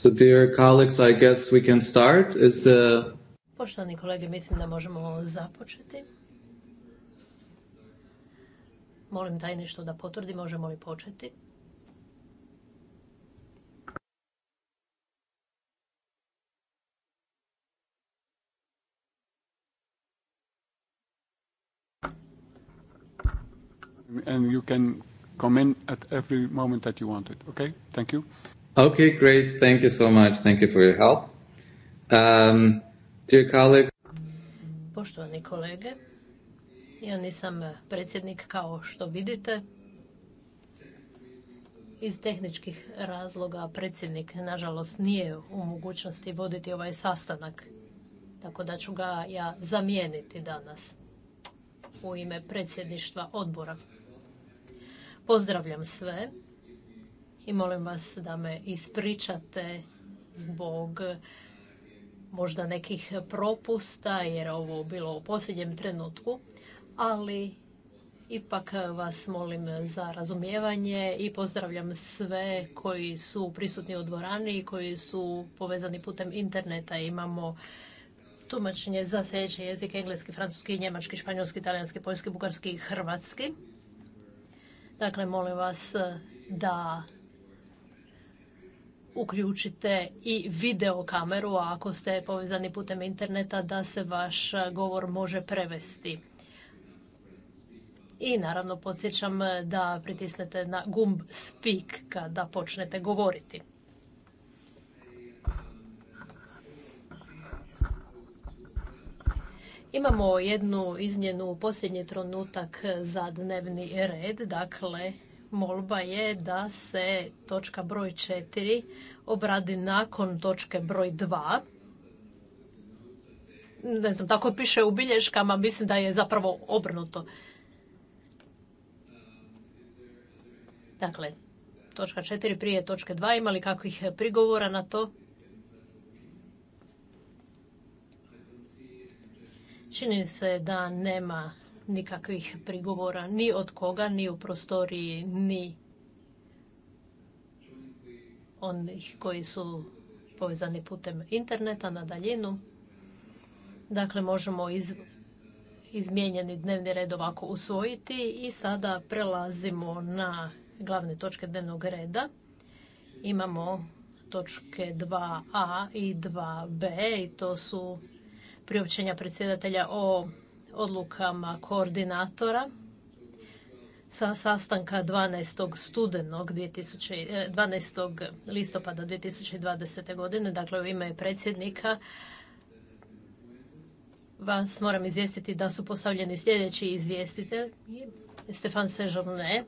So dear colleagues, I guess we can start. Is the... Uh, Poštovani kolege, mislim da možemo započeti. Molim taj nešto da potvrdi, možemo li početi. And you can comment at every moment that you want it. Okay? Thank you. Okay, great. Thank you so much. Thank you for your help. Um, dear colleague... Poštovani kolege, ja nisam predsjednik kao što vidite. Iz tehničkih razloga predsjednik, nažalost, nije u mogućnosti voditi ovaj sastanak, tako da ću ga ja zamijeniti danas u ime predsjedništva odbora. Pozdravljam sve i molim vas da me ispričate zbog možda nekih propusta jer ovo bilo u posljednjem trenutku, ali ipak vas molim za razumijevanje i pozdravljam sve koji su prisutni u dvorani i koji su povezani putem interneta. Imamo tumačenje za sljedeći jezik, engleski, francuski, njemački, španjolski, italijanski, poljski, bugarski i hrvatski. Dakle, molim vas da uključite i video kameru ako ste povezani putem interneta da se vaš govor može prevesti. I naravno podsjećam da pritisnete na gumb speak kada počnete govoriti. Imamo jednu izmjenu u posljednji trenutak za dnevni red, dakle molba je da se točka broj 4 obradi nakon točke broj 2. Ne znam, tako piše u bilješkama, mislim da je zapravo obrnuto. Dakle, točka 4 prije točke 2. Imali kakvih prigovora na to? Čini se da nema nikakvih prigovora ni od koga, ni u prostoriji, ni onih koji su povezani putem interneta na daljinu. Dakle, možemo iz, izmijenjeni dnevni red ovako usvojiti i sada prelazimo na glavne točke dnevnog reda. Imamo točke 2a i 2b i to su priopćenja predsjedatelja o odlukama koordinatora sa sastanka 12. studenog 12. E, listopada 2020. godine, dakle u ime predsjednika, vas moram izvijestiti da su postavljeni sljedeći izvjestitelji Stefan Sežovne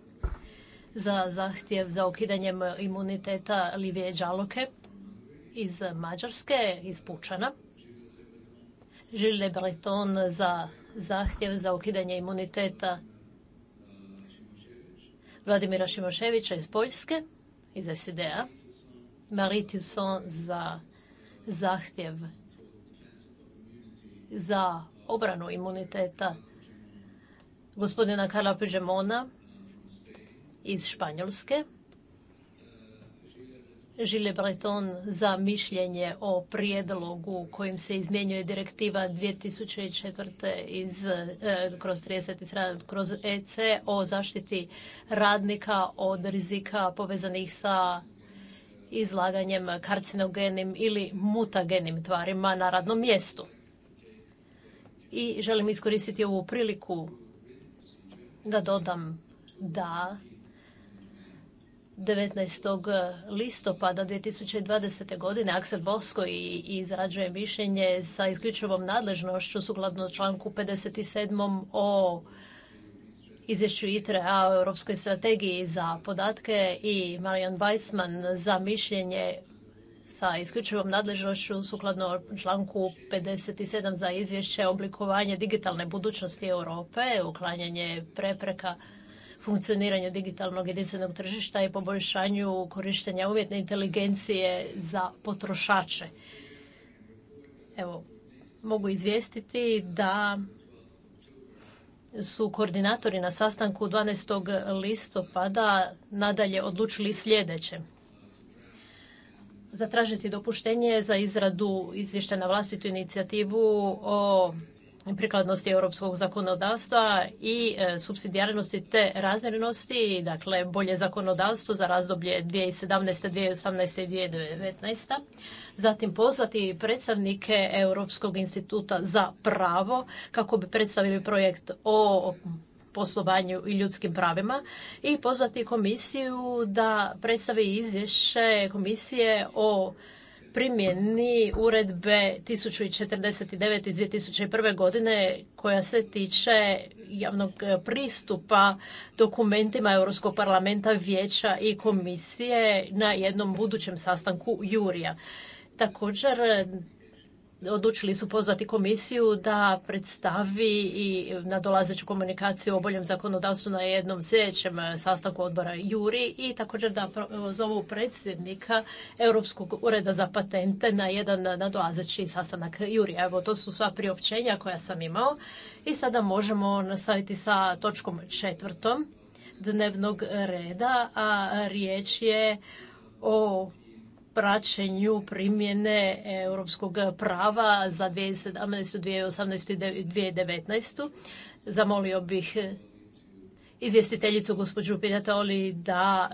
za zahtjev za ukidanjem imuniteta Livije Đaloke iz Mađarske, iz Pučana, Žilje Breton za zahtjev za ukidanje imuniteta Vladimira Šimoševića iz Poljske, iz SED-a, Marie Tusson za zahtjev za obranu imuniteta gospodina Karla Pižemona iz Španjolske, Žile Breton za mišljenje o prijedlogu kojim se izmjenjuje direktiva 2004. iz, e, kroz 37 kroz EC o zaštiti radnika od rizika povezanih sa izlaganjem karcinogenim ili mutagenim tvarima na radnom mjestu. I želim iskoristiti ovu priliku da dodam da 19. Eh, listopada 2020. godine Aksel Bosko i izrađuje mišljenje sa isključivom nadležnošću sukladno članku 57. o izvješću ITRE-a o Europskoj strategiji za podatke i Marijan Weissman za mišljenje sa isključivom nadležnošću sukladno članku 57. za izvješće oblikovanje digitalne budućnosti Europe, uklanjanje prepreka funkcioniranju digitalnog jedinstvenog tržišta i poboljšanju korištenja umjetne inteligencije za potrošače. Evo, mogu izvijestiti da su koordinatori na sastanku 12. listopada nadalje odlučili sljedeće. Zatražiti dopuštenje za izradu izvješća na vlastitu inicijativu o prikladnosti europskog zakonodavstva i e, subsidijarnosti te razmjernosti, dakle bolje zakonodavstvo za razdoblje 2017. 2018. i 2019. Zatim pozvati predstavnike Europskog instituta za pravo kako bi predstavili projekt o poslovanju i ljudskim pravima i pozvati komisiju da predstavi izvješće komisije o primjeni uredbe 1049 iz 2001. godine koja se tiče javnog e, pristupa dokumentima Europskog parlamenta, vijeća i komisije na jednom budućem sastanku Jurija. Također, odlučili su pozvati komisiju da predstavi i nadolazeću komunikaciju o boljem zakonodavstvu na jednom sljedećem eh, sastanku odbora Juri i također da zovu predsjednika Europskog ureda za patente na jedan nadolazeći sastanak Juri. Evo, to su sva priopćenja koja sam imao i sada možemo nastaviti sa točkom četvrtom dnevnog reda, a riječ je o praćenju primjene europskog prava za 2017., 2018. i 2019. Zamolio bih izvjestiteljicu gospođu Pinjatoli da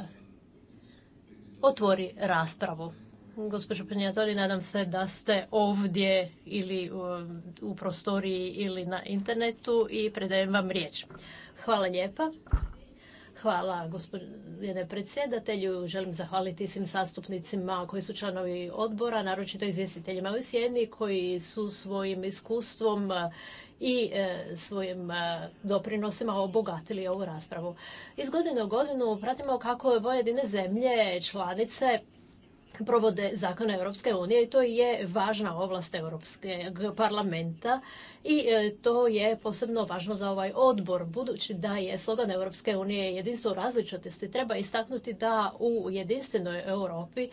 otvori raspravu. Gospođo Pinjatoli, nadam se da ste ovdje ili u prostoriji ili na internetu i predajem vam riječ. Hvala lijepa. Hvala gospodine predsjedatelju. Želim zahvaliti svim zastupnicima koji su članovi odbora, naročito izvjestiteljima u Sjeni koji su svojim iskustvom e, i e, svojim e, doprinosima obogatili ovu raspravu. Iz godine u godinu pratimo kako pojedine zemlje članice provode zakone Europske unije i to je važna ovlast Europskog parlamenta i e, to je posebno važno za ovaj odbor budući da je slogan Europske unije jedinstvo različitosti treba istaknuti da u jedinstvenoj Europi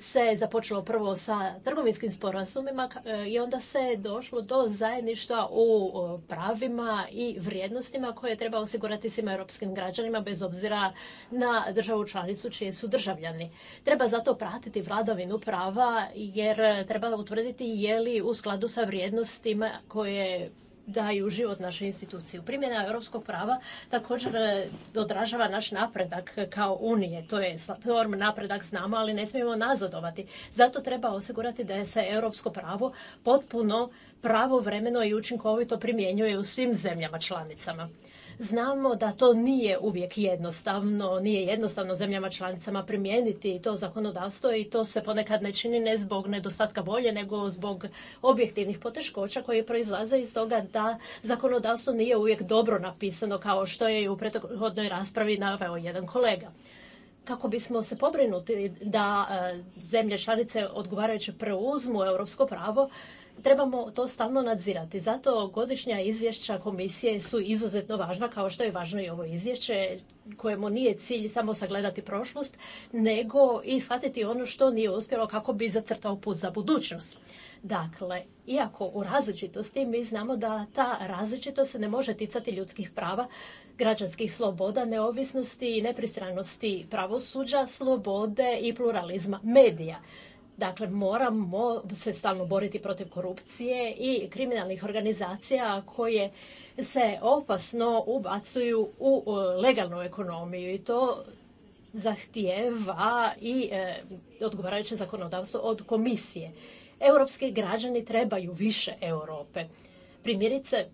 se započelo prvo sa trgovinskim sporazumima e, i onda se došlo do zajedništva u pravima i vrijednostima koje treba osigurati svim europskim građanima bez obzira na državu članicu čije su državljani. Treba zato pratiti vladavinu prava jer treba utvrditi je li u skladu sa vrijednostima koje daju život naše institucije. Primjena europskog prava također e, odražava naš napredak kao Unije. To je form napredak s nama, ali ne smijemo nazadovati. Zato treba osigurati da se europsko pravo potpuno pravovremeno i učinkovito primjenjuje u svim zemljama članicama. Znamo da to nije uvijek jednostavno, nije jednostavno zemljama članicama primijeniti to zakonodavstvo i to se ponekad ne čini ne zbog nedostatka volje, nego zbog objektivnih poteškoća koje proizlaze iz toga da zakonodavstvo nije uvijek dobro napisano kao što je i u prethodnoj raspravi naveo jedan kolega kako bismo se pobrinuti da e, zemlje članice odgovarajuće preuzmu europsko pravo, trebamo to stalno nadzirati. Zato godišnja izvješća komisije su izuzetno važna, kao što je važno i ovo izvješće, kojemu nije cilj samo sagledati prošlost, nego i shvatiti ono što nije uspjelo kako bi zacrtao put za budućnost. Dakle, iako u različitosti mi znamo da ta različitost ne može ticati ljudskih prava, građanskih sloboda, neovisnosti i nepristranosti pravosuđa, slobode i pluralizma medija. Dakle, moramo se stalno boriti protiv korupcije i kriminalnih organizacija koje se opasno ubacuju u e, legalnu ekonomiju i to zahtijeva i e, odgovarajuće zakonodavstvo od komisije. Europski građani trebaju više Europe. Primjerice,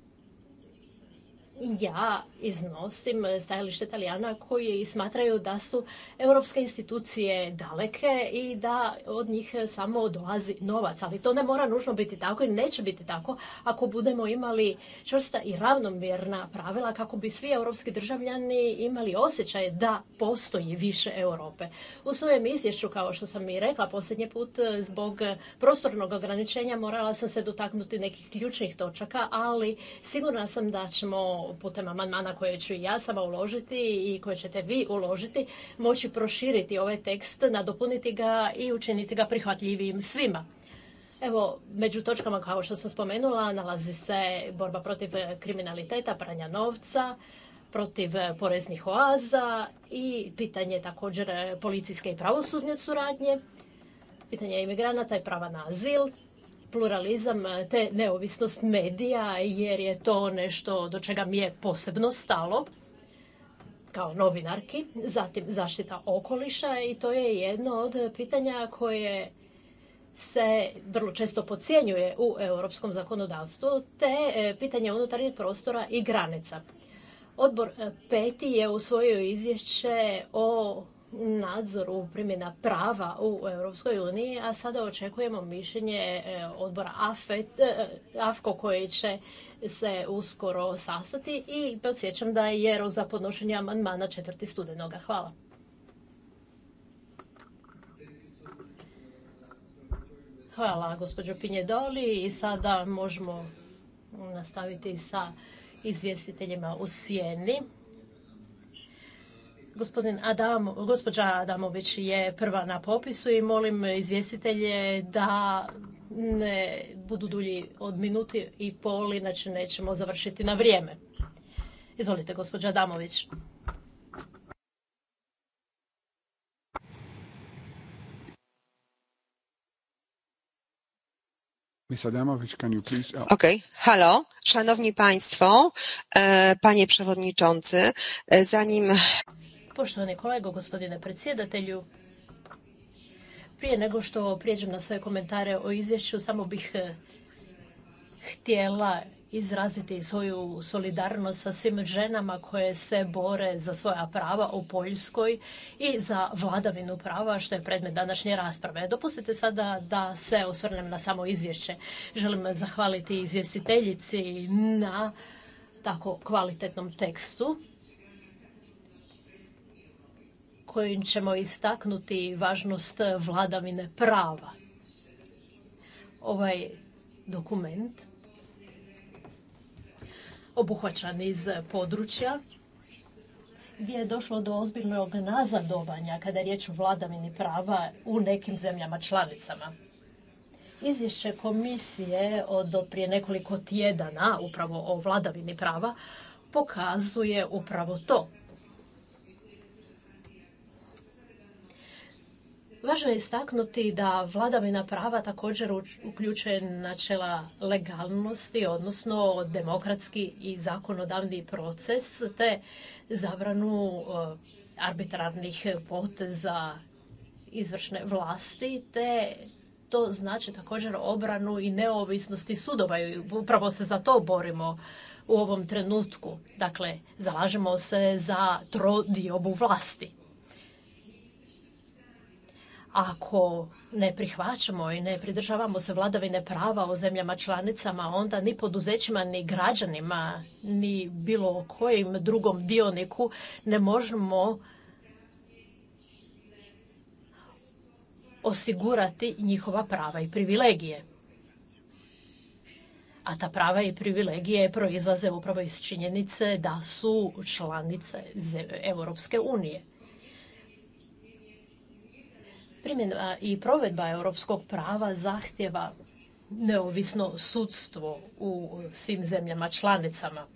ja iznosim stajalište Italijana koji smatraju da su europske institucije daleke i da od njih samo dolazi novac. Ali to ne mora nužno biti tako i neće biti tako ako budemo imali čvrsta i ravnomjerna pravila kako bi svi europski državljani imali osjećaj da postoji više Europe. U svojem izvješću, kao što sam i rekla posljednji put, zbog prostornog ograničenja morala sam se dotaknuti nekih ključnih točaka, ali sigurna sam da ćemo putem amandmana koje ću ja sama uložiti i koje ćete vi uložiti moći proširiti ovaj tekst, nadopuniti ga i učiniti ga prihvatljivijim svima. Evo, među točkama kao što sam spomenula nalazi se borba protiv kriminaliteta, pranja novca, protiv poreznih oaza i pitanje također policijske i pravosudne suradnje, pitanje imigranata i prava na azil, pluralizam eh, te neovisnost medija jer je to nešto do čega mi je posebno stalo kao novinarki, zatim zaštita okoliša i to je jedno od pitanja koje se vrlo često podcjenjuje u europskom zakonodavstvu, te eh, pitanje unutarnjeg prostora i granica. Odbor eh, peti je usvojio izvješće o nadzoru primjena prava u Europskoj uniji, a sada očekujemo mišljenje e, odbora AFET, e, AFKO koji će se uskoro sastati i posjećam da je jero za podnošenje amandmana četvrti studenoga. Hvala. Hvala gospođo Pinjedoli i sada možemo nastaviti sa izvjestiteljima u sjeni. Gospodin Adam, gospođa Adamović je prva na popisu i molim izvjestitelje da ne budu dulji od minuti i pol, inače nećemo završiti na vrijeme. Izvolite, gospođa Adamović. Uh, ok, halo, szanowni państwo, e, panie przewodniczący, e, zanim... Poštovani kolego, gospodine predsjedatelju, prije nego što prijeđem na svoje komentare o izvješću, samo bih eh, htjela izraziti svoju solidarnost sa svim ženama koje se bore za svoja prava u Poljskoj i za vladavinu prava, što je predmet današnje rasprave. Dopustite sada da se osvrnem na samo izvješće. Želim zahvaliti izvjestiteljici na tako kvalitetnom tekstu kojim ćemo istaknuti važnost vladavine prava. Ovaj dokument obuhvaćan iz područja gdje je došlo do ozbiljnog nazadovanja kada je riječ o vladavini prava u nekim zemljama članicama. Izvješće komisije od prije nekoliko tjedana upravo o vladavini prava pokazuje upravo to. Važno je istaknuti da vladavina prava također uključuje načela legalnosti, odnosno demokratski i zakonodavni proces, te zabranu e, arbitrarnih poteza izvršne vlasti, te to znači također obranu i neovisnosti sudova i upravo se za to borimo u ovom trenutku. Dakle, zalažemo se za trodiobu vlasti. Ako ne prihvaćamo i ne pridržavamo se vladavine prava u zemljama članicama, onda ni poduzećima, ni građanima, ni bilo kojim drugom dioniku ne možemo osigurati njihova prava i privilegije. A ta prava i privilegije proizlaze upravo iz činjenice da su članice Europske unije. Primjena i provedba europskog prava zahtjeva neovisno sudstvo u svim zemljama članicama.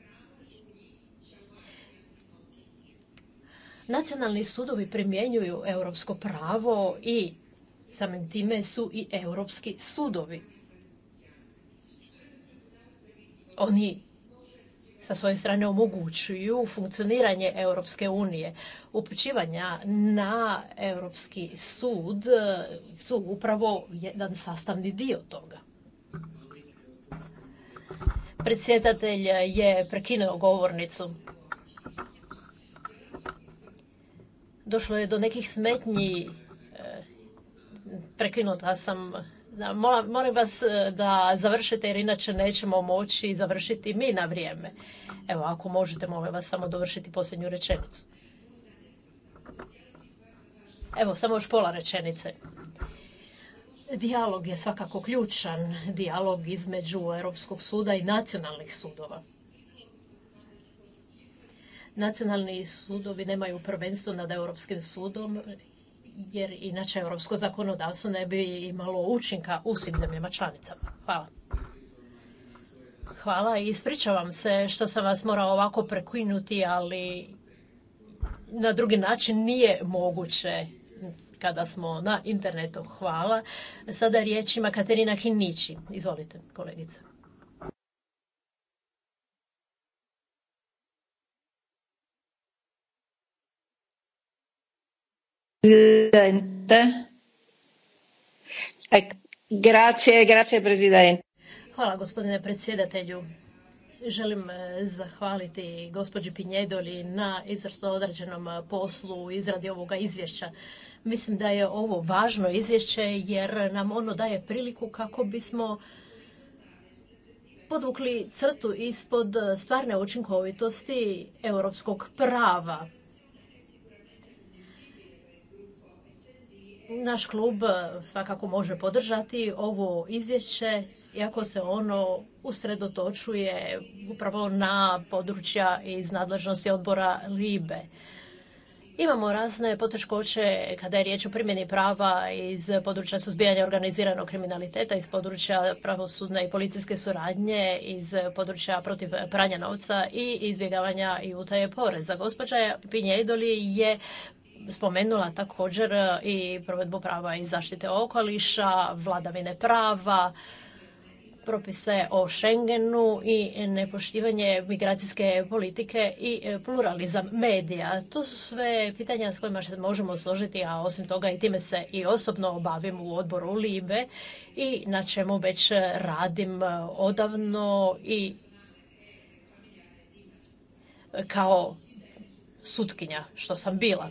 Nacionalni sudovi primjenjuju europsko pravo i samim time su i europski sudovi. Oni sa svoje strane omogućuju funkcioniranje Europske unije. Upućivanja na Europski sud su upravo jedan sastavni dio toga. Predsjedatelj je prekinuo govornicu. Došlo je do nekih smetnji. E, prekinuta sam Molim vas e, da završite jer inače nećemo moći završiti mi na vrijeme. Evo, ako možete, molim vas samo dovršiti posljednju rečenicu. Evo, samo još pola rečenice. Dijalog je svakako ključan. Dijalog između Europskog suda i nacionalnih sudova. Nacionalni sudovi nemaju prvenstvo nad Europskim sudom jer inače europsko zakonodavstvo ne bi imalo učinka u svim zemljama članicama. Hvala. Hvala i ispričavam se što sam vas morao ovako prekinuti, ali na drugi način nije moguće kada smo na internetu. Hvala. Sada riječ ima Katerina Hinići. Izvolite, kolegice. Presidente. E grazie, Presidente. Hvala gospodine predsjedatelju. Želim eh, zahvaliti gospođi Pinjedoli na izvrsno određenom eh, poslu u izradi ovoga izvješća. Mislim da je ovo važno izvješće jer nam ono daje priliku kako bismo podvukli crtu ispod stvarne učinkovitosti europskog prava naš klub e, svakako može podržati ovo izvješće iako se ono usredotočuje upravo na područja iz nadležnosti odbora LIBE. Imamo razne poteškoće kada je riječ o primjeni prava iz područja suzbijanja organiziranog kriminaliteta, iz područja pravosudne i policijske suradnje, iz područja protiv pranja novca i izbjegavanja i utaje poreza. Gospođa Pinjedoli je spomenula također e, i provedbu prava i zaštite okoliša, vladavine prava, propise o Schengenu i nepoštivanje migracijske politike i e, pluralizam medija. To su sve pitanja s kojima se možemo složiti, a osim toga i time se i osobno obavim u odboru Libe i na čemu već radim e, odavno i kao sutkinja što sam bila.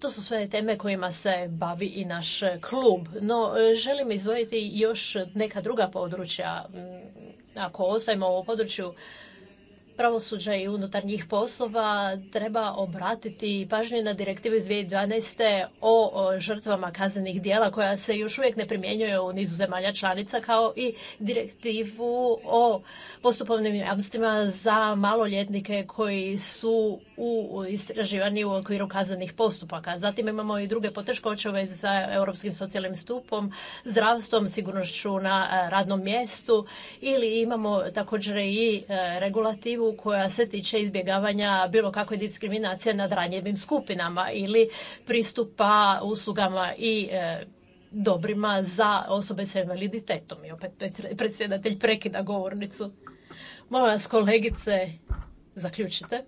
To su sve teme kojima se bavi i naš klub, no e, želim izvojiti još neka druga područja. Mm, ako ostajemo u području pravosuđa i unutarnjih poslova, treba obratiti pažnju na direktivu iz 2012. o žrtvama kaznenih dijela koja se još uvijek ne primjenjuje u nizu zemalja članica kao i direktivu o postupovnim jamstvima za maloljetnike koji su u istraživanju u okviru kaznenih postupaka. Zatim imamo i druge poteškoće u vezi sa europskim socijalnim stupom, zdravstvom, sigurnošću na e, radnom mjestu ili imamo također i e, regulativu koja se tiče izbjegavanja bilo kakve diskriminacije nad ranjivim skupinama ili pristupa uslugama i e, dobrima za osobe sa invaliditetom. I opet predsjedatelj prekida govornicu. Molim vas kolegice, zaključite.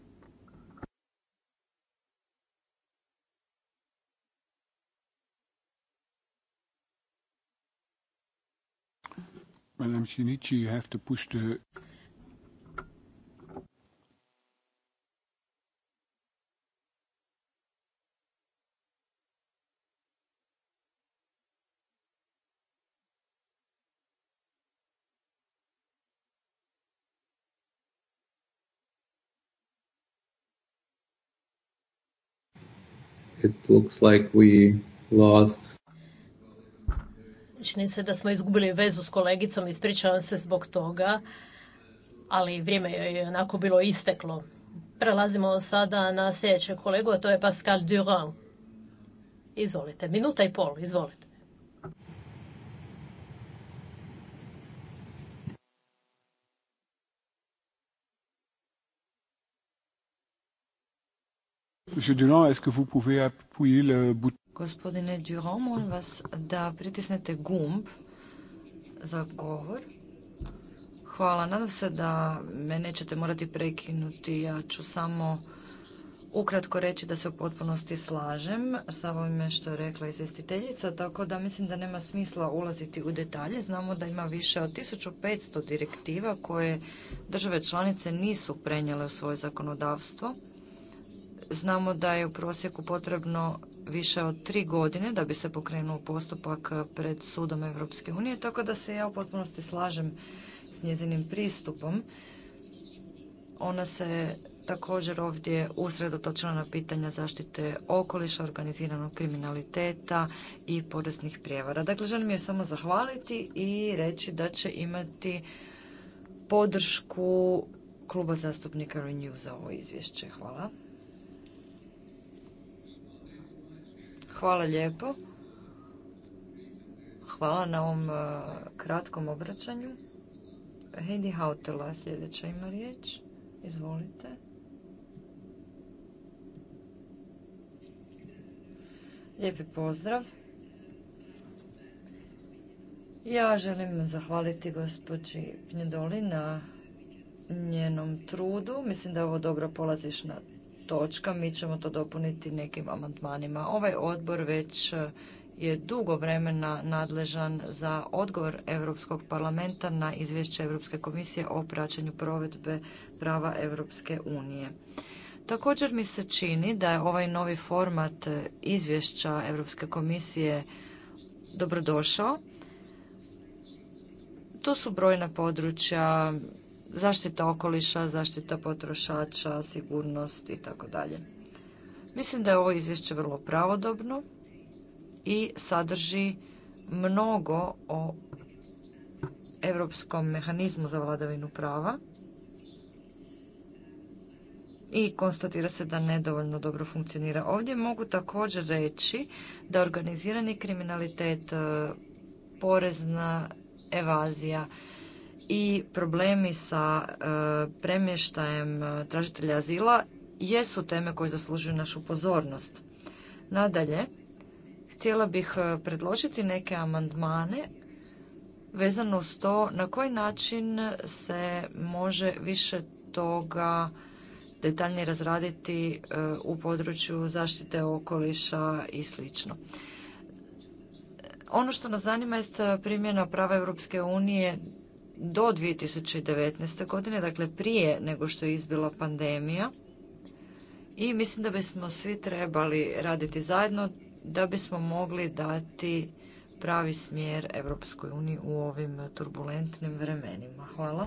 Madame Shinichi, you have to push the... It looks like we lost Čini se da smo izgubili vezu s kolegicom, ispričavam se zbog toga, ali vrijeme je onako bilo isteklo. Prelazimo sada na sljedećeg kolegu, a to je Pascal Durand. Izvolite, minuta i pol, izvolite. Monsieur Durand, est-ce que vous pouvez appuyer le bouton Gospodine Durand, molim vas da pritisnete gumb za govor. Hvala, nadam se da me nećete morati prekinuti. Ja ću samo ukratko reći da se u potpunosti slažem sa ovime što je rekla izvjestiteljica, tako da mislim da nema smisla ulaziti u detalje. Znamo da ima više od 1500 direktiva koje države članice nisu prenijele u svoje zakonodavstvo. Znamo da je u prosjeku potrebno više od tri godine da bi se pokrenuo postupak eh, pred sudom Europske unije, tako da se ja u potpunosti slažem s njezinim pristupom. Ona se također ovdje usredotočila na pitanja zaštite okoliša, organiziranog kriminaliteta i poreznih prijevara. Dakle, želim joj samo zahvaliti i reći da će imati podršku kluba zastupnika Renew za ovo izvješće. Hvala. Hvala lijepo. Hvala na ovom e, kratkom obraćanju. Heidi Hautela sljedeća ima riječ. Izvolite. Lijepi pozdrav. Ja želim zahvaliti gospođi Pnjedoli na njenom trudu. Mislim da je ovo dobro polaziš na točka, mi ćemo to dopuniti nekim amandmanima. Ovaj odbor već e, je dugo vremena nadležan za odgovor Europskog parlamenta na izvješće Europske komisije o praćenju provedbe prava Europske unije. Također mi se čini da je ovaj novi format e, izvješća Europske komisije dobrodošao. To su brojna područja zaštita okoliša, zaštita potrošača, sigurnost i tako dalje. Mislim da je ovo izvješće vrlo pravodobno i sadrži mnogo o europskom mehanizmu za vladavinu prava i konstatira se da nedovoljno dobro funkcionira. Ovdje mogu također reći da organizirani kriminalitet, porezna evazija, i problemi sa e, premještajem e, tražitelja azila jesu teme koje zaslužuju našu pozornost. Nadalje, htjela bih e, predložiti neke amandmane vezano s to na koji način se može više toga detaljnije razraditi u području zaštite okoliša i sl. Ono što nas zanima je primjena prava Europske unije do 2019. godine, dakle prije nego što je izbila pandemija. I mislim da bismo svi trebali raditi zajedno da bismo mogli dati pravi smjer Europskoj uniji u ovim turbulentnim vremenima. Hvala.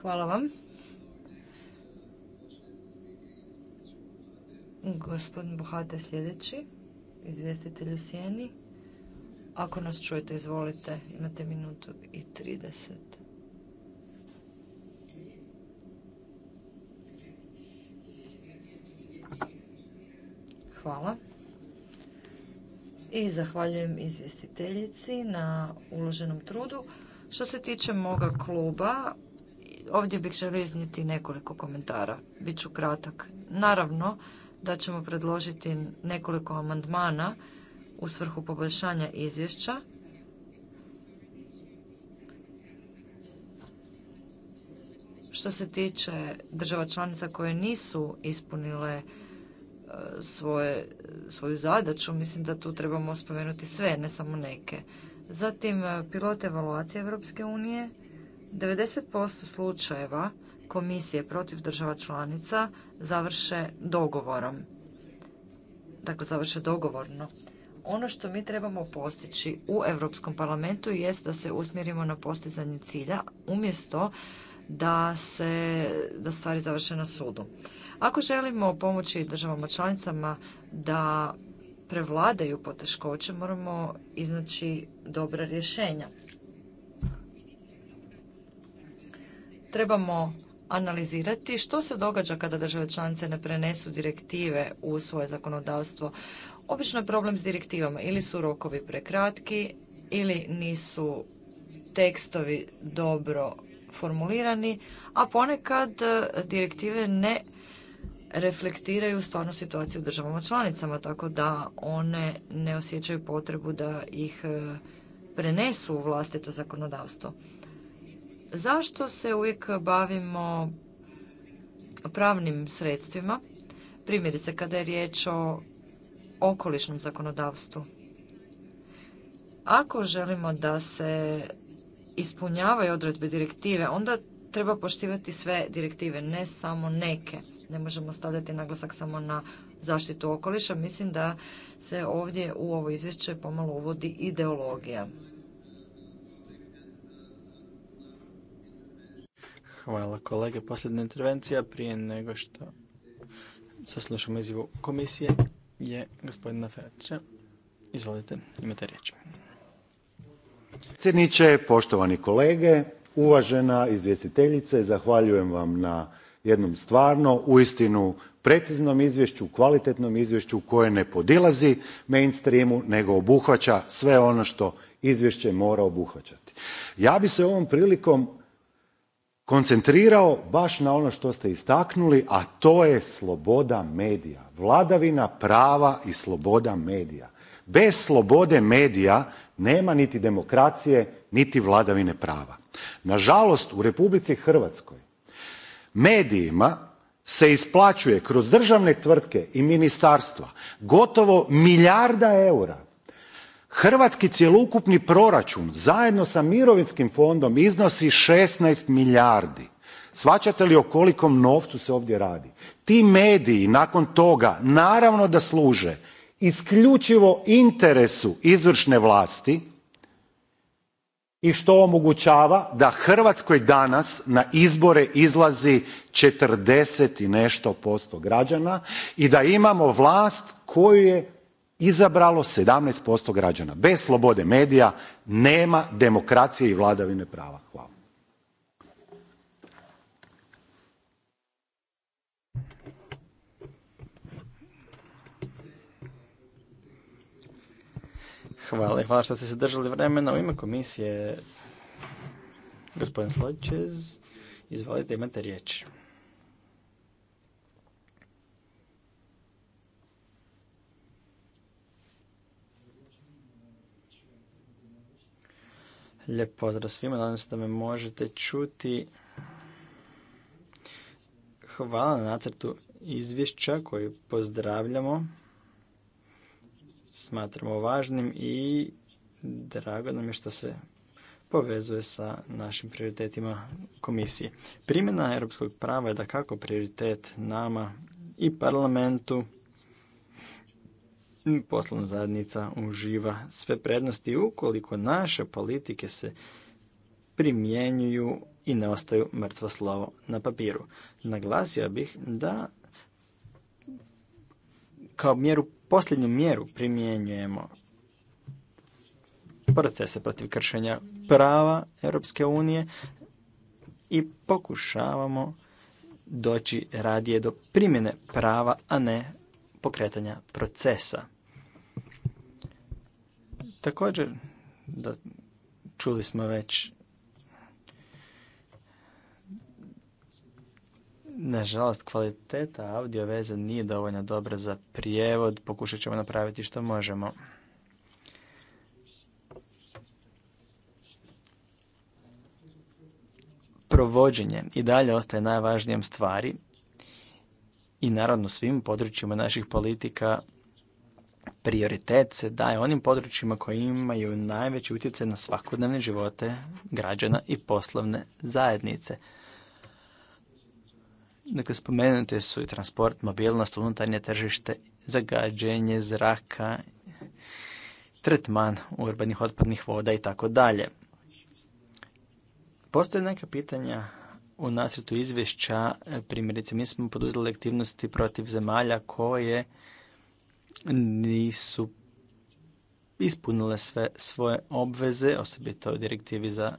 Hvala vam. Gospodin Bohate sljedeći, izvjestitelj u Sjeni. Ako nas čujete, izvolite, imate minutu i 30. Hvala. I zahvaljujem izvjestiteljici na uloženom trudu. Što se tiče moga kluba, ovdje bih želio iznijeti nekoliko komentara. Biću kratak. Naravno da ćemo predložiti nekoliko amandmana u svrhu poboljšanja izvješća. Što se tiče država članica koje nisu ispunile e, svoje, svoju zadaću, mislim da tu trebamo spomenuti sve, ne samo neke. Zatim, e, pilot evaluacije Europske unije. 90% slučajeva komisije protiv država članica završe dogovorom. Dakle, završe dogovorno. Ono što mi trebamo postići u Europskom parlamentu jest da se usmjerimo na postizanje cilja umjesto da se da stvari završe na sudu. Ako želimo pomoći državama članicama da prevladaju poteškoće, moramo iznaći dobra rješenja. Trebamo analizirati što se događa kada države članice ne prenesu direktive u svoje zakonodavstvo. Obično je problem s direktivama. Ili su rokovi prekratki, ili nisu tekstovi dobro formulirani, a ponekad e, direktive ne reflektiraju stvarnu situaciju u državama članicama, tako da one ne osjećaju potrebu da ih e, prenesu u vlastito zakonodavstvo. Zašto se uvijek bavimo pravnim sredstvima? Primjerice, kada je riječ o okolišnom zakonodavstvu. Ako želimo da se ispunjavaju odredbe direktive, onda treba poštivati sve direktive, ne samo neke. Ne možemo stavljati naglasak samo na zaštitu okoliša. Mislim da se ovdje u ovo izvješće pomalo uvodi ideologija. Hvala kolege. Posljedna intervencija prije nego što saslušamo izvu komisije je gospodina Feratića. Izvolite, imate riječ. Predsjedniče, poštovani kolege, uvažena izvjestiteljice, zahvaljujem vam na jednom stvarno uistinu preciznom izvješću, kvalitetnom izvješću koje ne podilazi mainstreamu nego obuhvaća sve ono što izvješće mora obuhvaćati. Ja bi se ovom prilikom koncentrirao baš na ono što ste istaknuli, a to je sloboda medija. Vladavina prava i sloboda medija. Bez slobode medija nema niti demokracije, niti vladavine prava. Nažalost, u Republici Hrvatskoj medijima se isplaćuje kroz državne tvrtke i ministarstva gotovo milijarda eura hrvatski cjelokupni proračun zajedno sa mirovinskim fondom iznosi 16 milijardi shvaćate li o kolikom novcu se ovdje radi ti mediji nakon toga naravno da služe isključivo interesu izvršne vlasti i što omogućava da hrvatskoj danas na izbore izlazi 40 i nešto posto građana i da imamo vlast koju je izabralo 17% građana. Bez slobode medija nema demokracije i vladavine prava. Hvala. Hvala hvala što ste se držali vremena. U ime komisije, gospodin Slojčez, izvolite, imate riječ. Lijep pozdrav svima, nadam se da me možete čuti. Hvala na nacrtu izvješća koji pozdravljamo. Smatramo važnim i drago nam je što se povezuje sa našim prioritetima komisije. Primjena europskog prava je da kako prioritet nama i parlamentu poslovna zajednica uživa sve prednosti ukoliko naše politike se primjenjuju i ne ostaju mrtvo slovo na papiru. Naglasio bih da kao mjeru, posljednju mjeru primjenjujemo procese protiv kršenja prava Europske unije i pokušavamo doći radije do primjene prava, a ne pokretanja procesa. Također, da čuli smo već Nažalost, kvaliteta audio veze nije dovoljno dobra za prijevod. Pokušat ćemo napraviti što možemo. Provođenje i dalje ostaje najvažnijom stvari i naravno svim područjima naših politika prioritet se daje onim područjima koji imaju najveći utjecaj na svakodnevne živote građana i poslovne zajednice. Dakle, spomenute su i transport, mobilnost, unutarnje tržište, zagađenje zraka, tretman urbanih otpadnih voda i tako dalje. Postoje neka pitanja u nacrtu izvješća, primjerice mi smo poduzeli aktivnosti protiv zemalja koje nisu ispunile sve svoje obveze, osobito direktivi za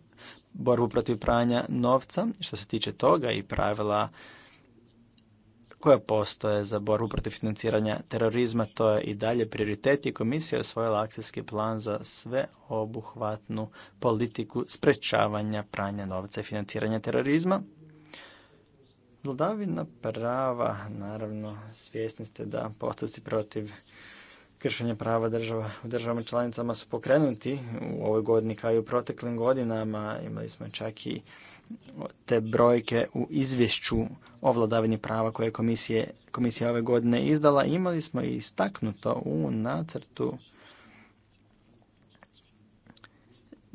borbu protiv pranja novca. Što se tiče toga i pravila koja postoje za borbu protiv financiranja terorizma, to je i dalje prioritet i komisija je osvojila akcijski plan za sveobuhvatnu politiku sprečavanja pranja novca i financiranja terorizma. Vladavina prava, naravno, svjesni ste da postupci protiv kršenja prava država u državama članicama su pokrenuti u ovoj godini kao i u proteklim godinama. Imali smo čak i te brojke u izvješću o vladavini prava koje je komisije, komisija ove godine izdala. Imali smo i istaknuto u nacrtu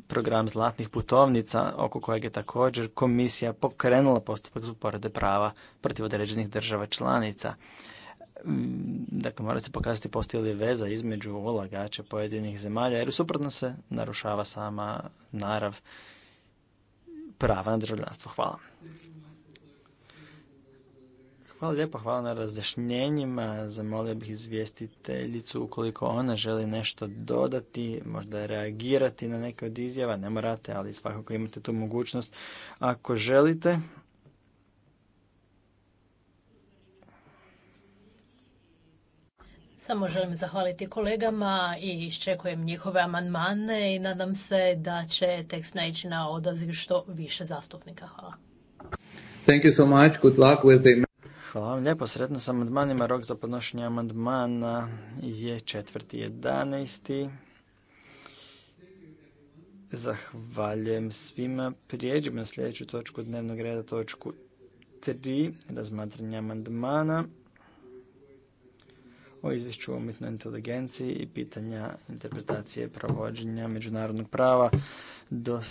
program zlatnih putovnica, oko kojeg je također komisija pokrenula postupak porede prava protiv određenih država članica. Mm, dakle, mora se pokazati postoji li veza između ulagača pojedinih zemalja, jer suprotno se narušava sama narav prava na državljanstvo. Hvala. Hvala lijepo, hvala na razjašnjenjima. Zamolio bih izvjestiteljicu ukoliko ona želi nešto dodati, možda reagirati na neke od izjava, ne morate, ali svakako imate tu mogućnost ako želite. Samo želim zahvaliti kolegama i iščekujem njihove amandmane i nadam se da će tekst naići na odaziv što više zastupnika. Hvala. Thank you so much. Good luck with Hvala vam lijepo. Sretno sa amandmanima. Rok za podnošenje amandmana je 4.11. Zahvaljujem svima. Prijeđemo na sljedeću točku dnevnog reda, točku 3, razmatranje amandmana o izvješću o umjetnoj inteligenciji i pitanja interpretacije provođenja međunarodnog prava. Do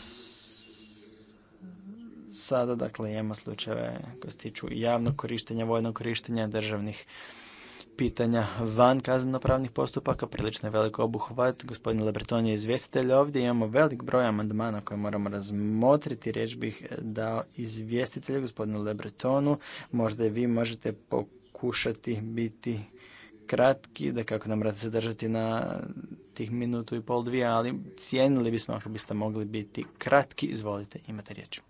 sada dakle imamo slučajeve koji se tiču javnog korištenja, vojnog korištenja državnih pitanja van kaznenopravnih postupaka, prilično je veliko obuhvat. Gospodin Lebreton je izvjestitelj ovdje, imamo velik broj amandmana koje moramo razmotriti. Riječ bih dao izvjestitelju, gospodinu Lebretonu. Možda i vi možete pokušati biti kratki, da kako nam morate se držati na tih minutu i pol dvije, ali cijenili bismo ako biste mogli biti kratki. Izvolite, imate riječ.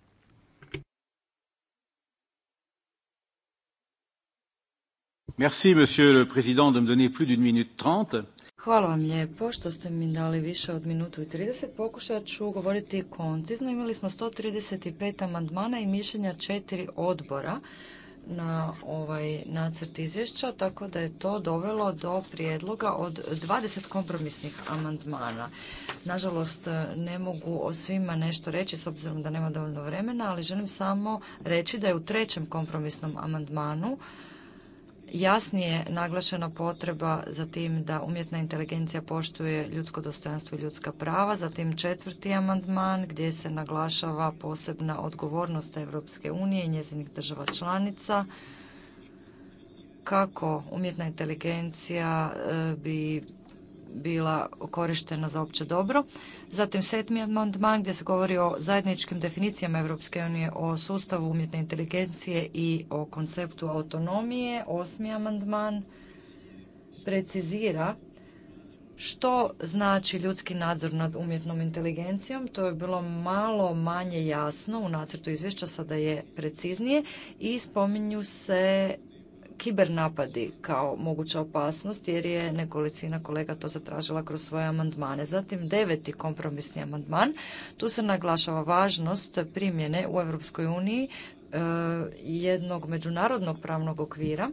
Hvala vam lijepo što ste mi dali više od minutu i 30. Pokušat ću govoriti koncizno. Imali smo 135 amandmana i mišljenja četiri odbora na ovaj nacrt izvješća, tako da je to dovelo do prijedloga od 20 kompromisnih amandmana. Nažalost, ne mogu o svima nešto reći s obzirom da nema dovoljno vremena, ali želim samo reći da je u trećem kompromisnom amandmanu jasnije naglašena potreba za tim da umjetna inteligencija poštuje ljudsko dostojanstvo i ljudska prava, zatim četvrti amandman gdje se naglašava posebna odgovornost Europske unije i njezinih država članica kako umjetna inteligencija e, bi bila korištena za opće dobro. Zatim sedmi amandman gdje se govori o zajedničkim definicijama Europske unije o sustavu umjetne inteligencije i o konceptu autonomije. Osmi amandman precizira što znači ljudski nadzor nad umjetnom inteligencijom? To je bilo malo manje jasno u nacrtu izvješća, sada je preciznije i spominju se kibernapadi kao moguća opasnost jer je nekolicina kolega to zatražila kroz svoje amandmane. Zatim deveti kompromisni amandman. Tu se naglašava važnost primjene u Europskoj uniji e, jednog međunarodnog pravnog okvira.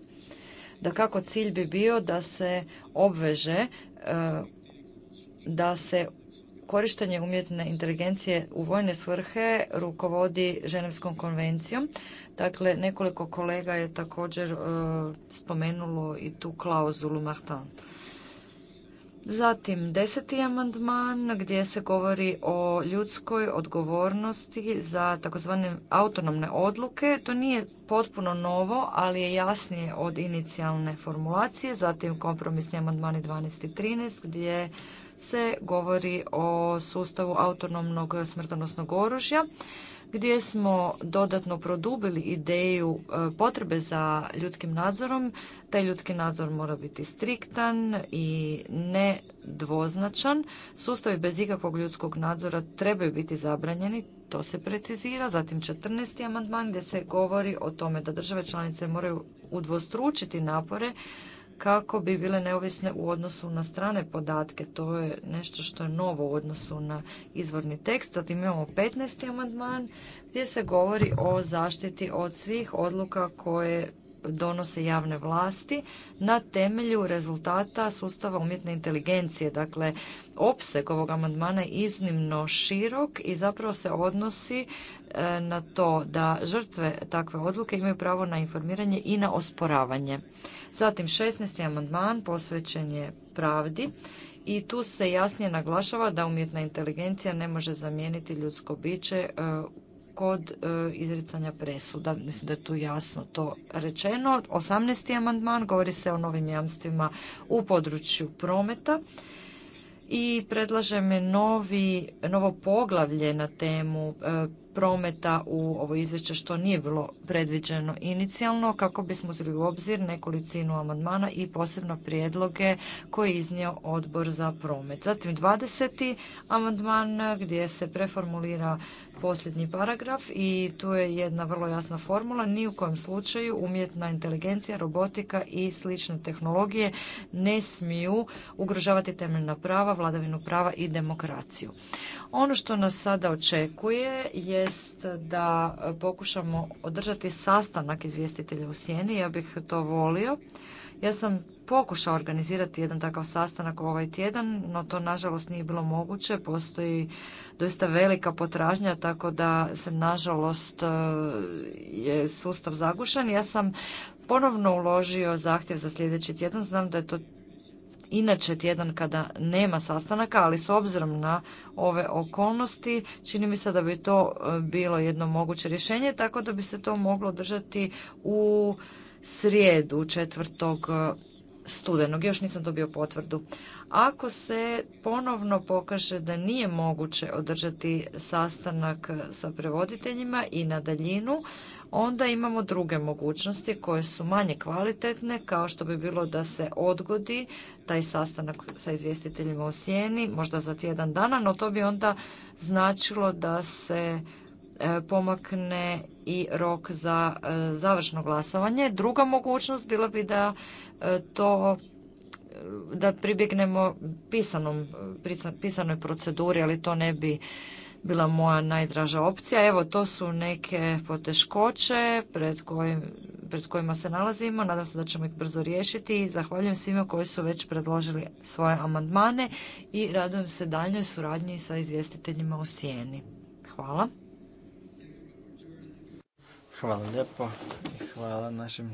Da kako cilj bi bio da se obveže e, da se korištenje umjetne inteligencije u vojne svrhe rukovodi Ženevskom konvencijom. Dakle, nekoliko kolega je također e, spomenulo i tu klauzulu Martin. Zatim, deseti amandman gdje se govori o ljudskoj odgovornosti za takozvane autonomne odluke. To nije potpuno novo, ali je jasnije od inicijalne formulacije. Zatim, kompromisni amandmani 12 i 13 gdje se govori o sustavu autonomnog smrtonosnog oružja gdje smo dodatno produbili ideju e, potrebe za ljudskim nadzorom. Taj ljudski nadzor mora biti striktan i ne dvoznačan. Sustavi bez ikakvog ljudskog nadzora trebaju biti zabranjeni, to se precizira. Zatim 14. amandman gdje se govori o tome da države članice moraju udvostručiti napore kako bi bile neovisne u odnosu na strane podatke. To je nešto što je novo u odnosu na izvorni tekst. Zatim imamo 15. amandman gdje se govori o zaštiti od svih odluka koje donose javne vlasti na temelju rezultata sustava umjetne inteligencije. Dakle, opseg ovog amandmana je iznimno širok i zapravo se odnosi e, na to da žrtve takve odluke imaju pravo na informiranje i na osporavanje. Zatim 16. amandman posvećen je pravdi i tu se jasnije naglašava da umjetna inteligencija ne može zamijeniti ljudsko biće e, kod e, izricanja presuda. Mislim da je tu jasno to rečeno. 18. amandman govori se o novim jamstvima u području prometa i predlaže novi, novo poglavlje na temu e, prometa u ovo izvješće što nije bilo predviđeno inicijalno kako bismo uzeli u obzir nekolicinu amandmana i posebno prijedloge koje je iznio odbor za promet. Zatim 20. amandman gdje se preformulira posljednji paragraf i tu je jedna vrlo jasna formula. Ni u kojem slučaju umjetna inteligencija, robotika i slične tehnologije ne smiju ugrožavati temeljna prava, vladavinu prava i demokraciju. Ono što nas sada očekuje jest da pokušamo održati sastanak izvjestitelja u sjeni. Ja bih to volio ja sam pokušao organizirati jedan takav sastanak ovaj tjedan, no to nažalost nije bilo moguće. Postoji doista velika potražnja, tako da se nažalost e, je sustav zagušen. Ja sam ponovno uložio zahtjev za sljedeći tjedan. Znam da je to inače tjedan kada nema sastanaka, ali s obzirom na ove okolnosti čini mi se da bi to e, bilo jedno moguće rješenje, tako da bi se to moglo držati u srijedu 4. E, studenog. Još nisam dobio potvrdu. Ako se ponovno pokaže da nije moguće održati sastanak sa prevoditeljima i na daljinu, onda imamo druge mogućnosti koje su manje kvalitetne, kao što bi bilo da se odgodi taj sastanak sa izvjestiteljima u sjeni, možda za tjedan dana, no to bi onda značilo da se E, pomakne i rok za e, završno glasovanje. Druga mogućnost bila bi da e, to da pribjegnemo pisanom, pisanoj proceduri, ali to ne bi bila moja najdraža opcija. Evo, to su neke poteškoće pred, kojim, pred kojima se nalazimo. Nadam se da ćemo ih brzo riješiti i zahvaljujem svima koji su već predložili svoje amandmane i radujem se daljnjoj suradnji sa izvjestiteljima u Sijeni. Hvala. Hvala lijepo i hvala našem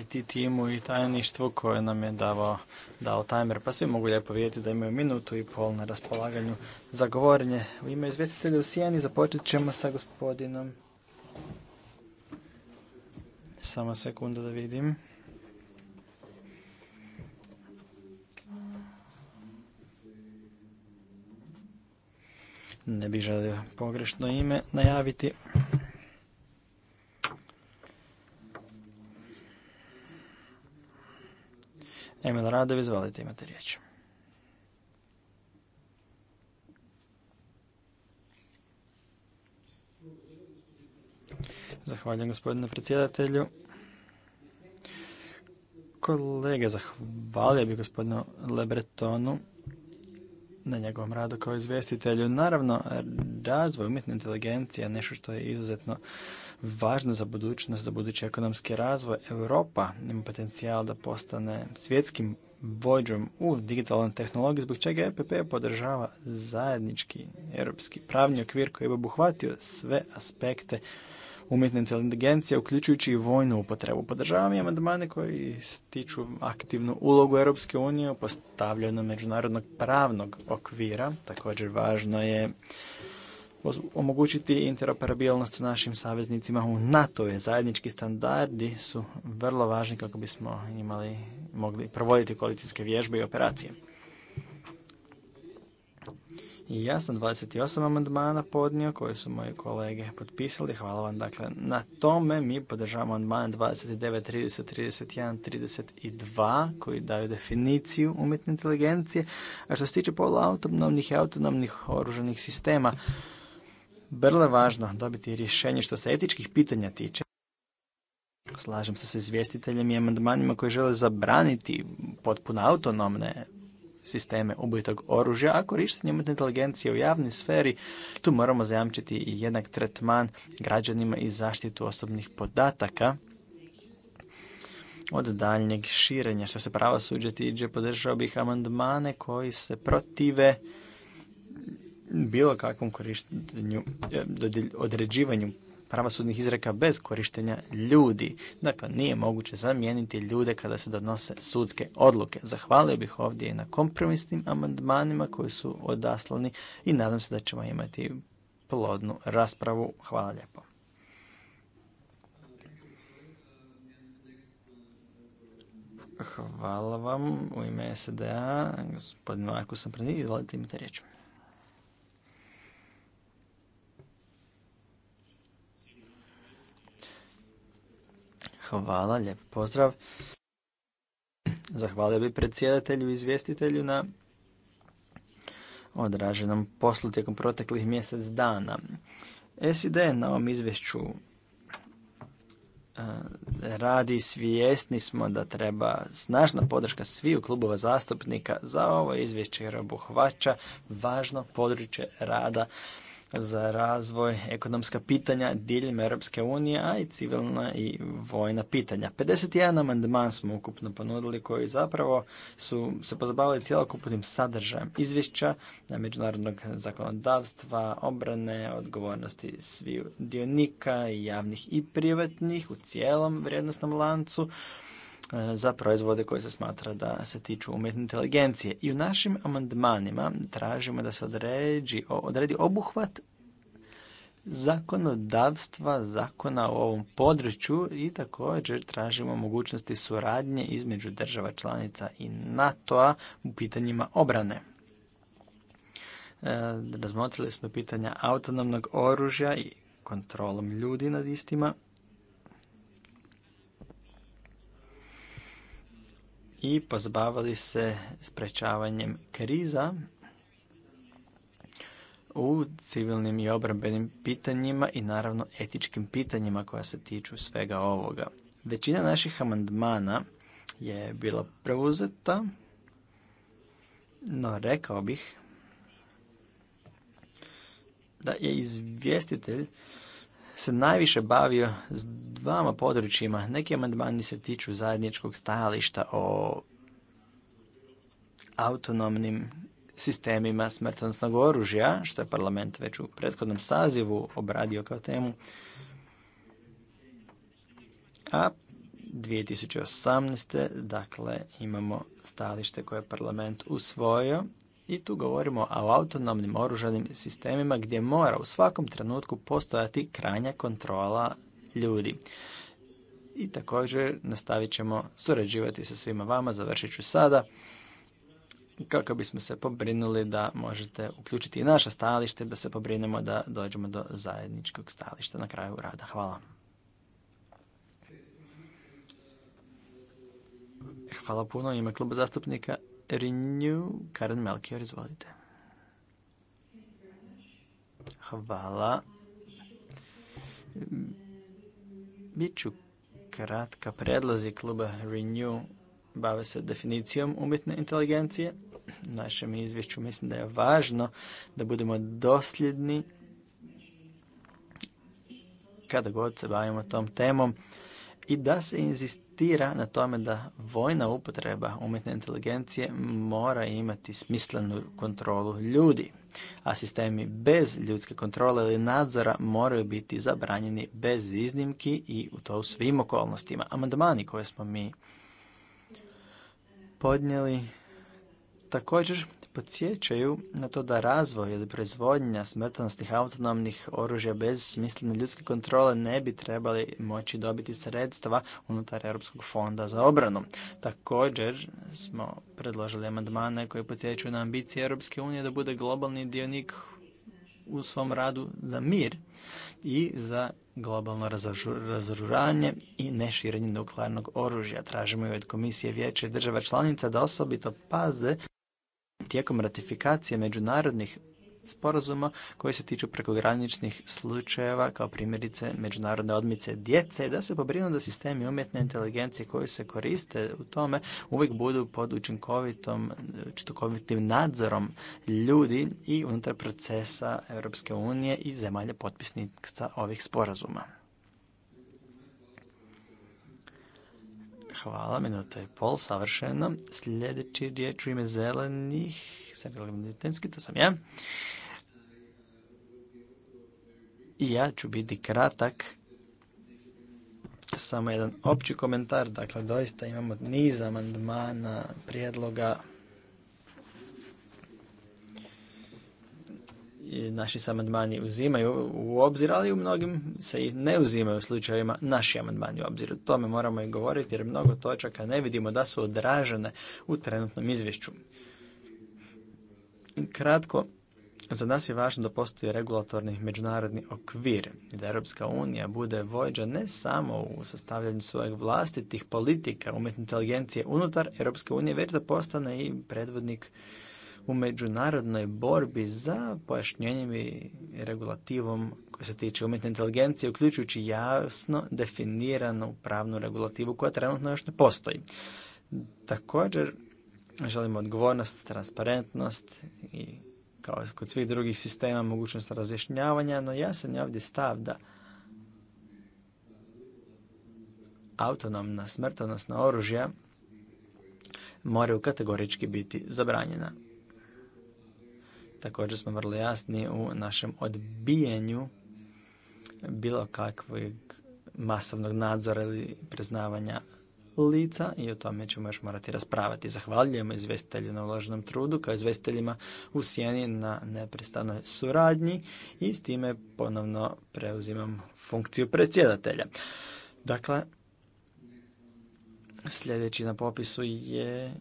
IT timu i tajništvu koje nam je davao, dao timer pa svi mogu lijepo vidjeti da imaju minutu i pol na raspolaganju za govorenje. U ime izvjestitelja u Sijeni započet ćemo sa gospodinom. Samo sekundu da vidim. Ne bih želio pogrešno ime najaviti. Emil Radov, izvolite, imate riječ. Zahvaljujem gospodinu predsjedatelju. Kolege, zahvalio bi gospodinu Lebretonu na njegovom radu kao izvjestitelju. Naravno, razvoj umjetne inteligencije je nešto što je izuzetno važno za budućnost, za budući ekonomski razvoj. Europa ima potencijal da postane svjetskim vođom u digitalnom tehnologiji, zbog čega EPP podržava zajednički europski pravni okvir koji bi obuhvatio sve aspekte umjetne inteligencije, uključujući i vojnu upotrebu. Podržavam i amandmane koji stiču aktivnu ulogu Europske unije u postavljanju međunarodnog pravnog okvira. Također važno je omogućiti interoperabilnost sa našim saveznicima u NATO. je Zajednički standardi su vrlo važni kako bismo imali, mogli provoditi koalicijske vježbe i operacije. I ja sam 28 amandmana podnio koje su moji kolege potpisali. Hvala vam dakle na tome. Mi podržavamo amandmane 29, 30, 31, 32 koji daju definiciju umjetne inteligencije. A što se tiče poluautonomnih i autonomnih oruženih sistema, vrlo je važno dobiti rješenje što se etičkih pitanja tiče. Slažem se sa izvjestiteljem i amandmanima koji žele zabraniti potpuno autonomne sisteme ubojitog oružja, a korištenje umjetne inteligencije u javnoj sferi, tu moramo zajamčiti i jednak tretman građanima i zaštitu osobnih podataka od daljnjeg širenja. Što se prava suđa tiđe, podržao bih amandmane koji se protive bilo kakvom korištenju, e, određivanju pravosudnih izreka bez korištenja ljudi. Dakle, nije moguće zamijeniti ljude kada se donose sudske odluke. Zahvalio bih ovdje i na kompromisnim amandmanima koji su odaslani i nadam se da ćemo imati plodnu raspravu. Hvala lijepo. Hvala vam. U ime SDA, gospodin Marko Samprani, izvolite imate riječ. Hvala, lijep pozdrav. Zahvalio bi predsjedatelju i izvjestitelju na odraženom poslu tijekom proteklih mjesec dana. SID na ovom izvješću e, radi svjesni smo da treba snažna podrška sviju klubova zastupnika za ovo izvješće jer obuhvaća važno područje rada za razvoj, ekonomska pitanja diljem Europske unije, a i civilna i vojna pitanja. 51 amandman smo ukupno ponudili koji zapravo su se pozabavili cijelokupnim sadržajem izvješća na međunarodnog zakonodavstva, obrane, odgovornosti svih dionika, javnih i privatnih u cijelom vrijednostnom lancu, E, za proizvode koje se smatra da se tiču umjetne inteligencije. I u našim amandmanima tražimo da se određi, odredi obuhvat zakonodavstva, zakona u ovom području i također tražimo mogućnosti suradnje između država članica i NATO-a u pitanjima obrane. E, razmotrili smo pitanja autonomnog oružja i kontrolom ljudi nad istima i pozbavili se sprečavanjem kriza u civilnim i obrambenim pitanjima i naravno etičkim pitanjima koja se tiču svega ovoga. Većina naših amandmana je bila preuzeta, no rekao bih da je izvjestitelj se najviše bavio s dvama područjima. Neki amandmani se tiču zajedničkog stajališta o autonomnim sistemima smrtonosnog oružja, što je parlament već u prethodnom sazivu obradio kao temu. A 2018. dakle imamo stajalište koje je parlament usvojio i tu govorimo o autonomnim oružanim sistemima gdje mora u svakom trenutku postojati krajnja kontrola ljudi. I također nastavit ćemo surađivati sa svima vama, završit ću sada kako bismo se pobrinuli da možete uključiti i naše stajalište, da se pobrinemo da dođemo do zajedničkog stajališta na kraju rada. Hvala. Hvala puno ime kluba zastupnika Renew, Karen Melchior, izvolite. Hvala. Biću kratka. Predlozi kluba Renew bave se definicijom umjetne inteligencije. U našem izvješću mislim da je važno da budemo dosljedni kada god se bavimo tom temom i da se inzistira na tome da vojna upotreba umjetne inteligencije mora imati smislenu kontrolu ljudi. A sistemi bez ljudske kontrole ili nadzora moraju biti zabranjeni bez iznimki i u to u svim okolnostima. Amandmani koje smo mi podnijeli također podsjećaju na to da razvoj ili proizvodnja smrtonosnih autonomnih oružja bez smislene ljudske kontrole ne bi trebali moći dobiti sredstva unutar Europskog fonda za obranu. Također smo predložili amandmane koji podsjećaju na ambicije Europske unije da bude globalni dionik u svom radu za mir i za globalno razoružanje i neširenje nuklearnog oružja. Tražimo i od Komisije vijeća i država članica da osobito paze tijekom ratifikacije međunarodnih sporazuma koji se tiču prekograničnih slučajeva kao primjerice međunarodne odmice djece da se pobrinu da sistemi umjetne inteligencije koji se koriste u tome uvijek budu pod učinkovitom, učinkovitim nadzorom ljudi i unutar procesa Europske unije i zemalja potpisnica ovih sporazuma. Hvala, minuta je pol, savršeno. Sljedeći riječ u ime zelenih, Sergej to sam ja. I ja ću biti kratak. Samo jedan opći komentar, dakle doista imamo niz amandmana, prijedloga, naši se amandmani uzimaju u obzir, ali u mnogim se i ne uzimaju u slučajevima naši amandmani u obzir. O tome moramo i govoriti jer mnogo točaka ne vidimo da su odražene u trenutnom izvješću. Kratko, za nas je važno da postoji regulatorni međunarodni okvir i da Europska unija bude vođa ne samo u sastavljanju svojeg vlastitih politika umjetne inteligencije unutar Europske unije, već da postane i predvodnik u međunarodnoj borbi za pojašnjenjem i regulativom koja se tiče umjetne inteligencije, uključujući jasno definiranu pravnu regulativu koja trenutno još ne postoji. Također, želimo odgovornost, transparentnost i kao kod svih drugih sistema mogućnost razjašnjavanja, no jasan je ovdje stav da autonomna smrtonosna oružja moraju kategorički biti zabranjena. Također smo vrlo jasni u našem odbijenju bilo kakvog masovnog nadzora ili priznavanja lica i o tome ćemo još morati raspravati. Zahvaljujemo izvestitelju na uloženom trudu kao izvestiteljima u sjeni na neprestanoj suradnji i s time ponovno preuzimam funkciju predsjedatelja. Dakle, sljedeći na popisu je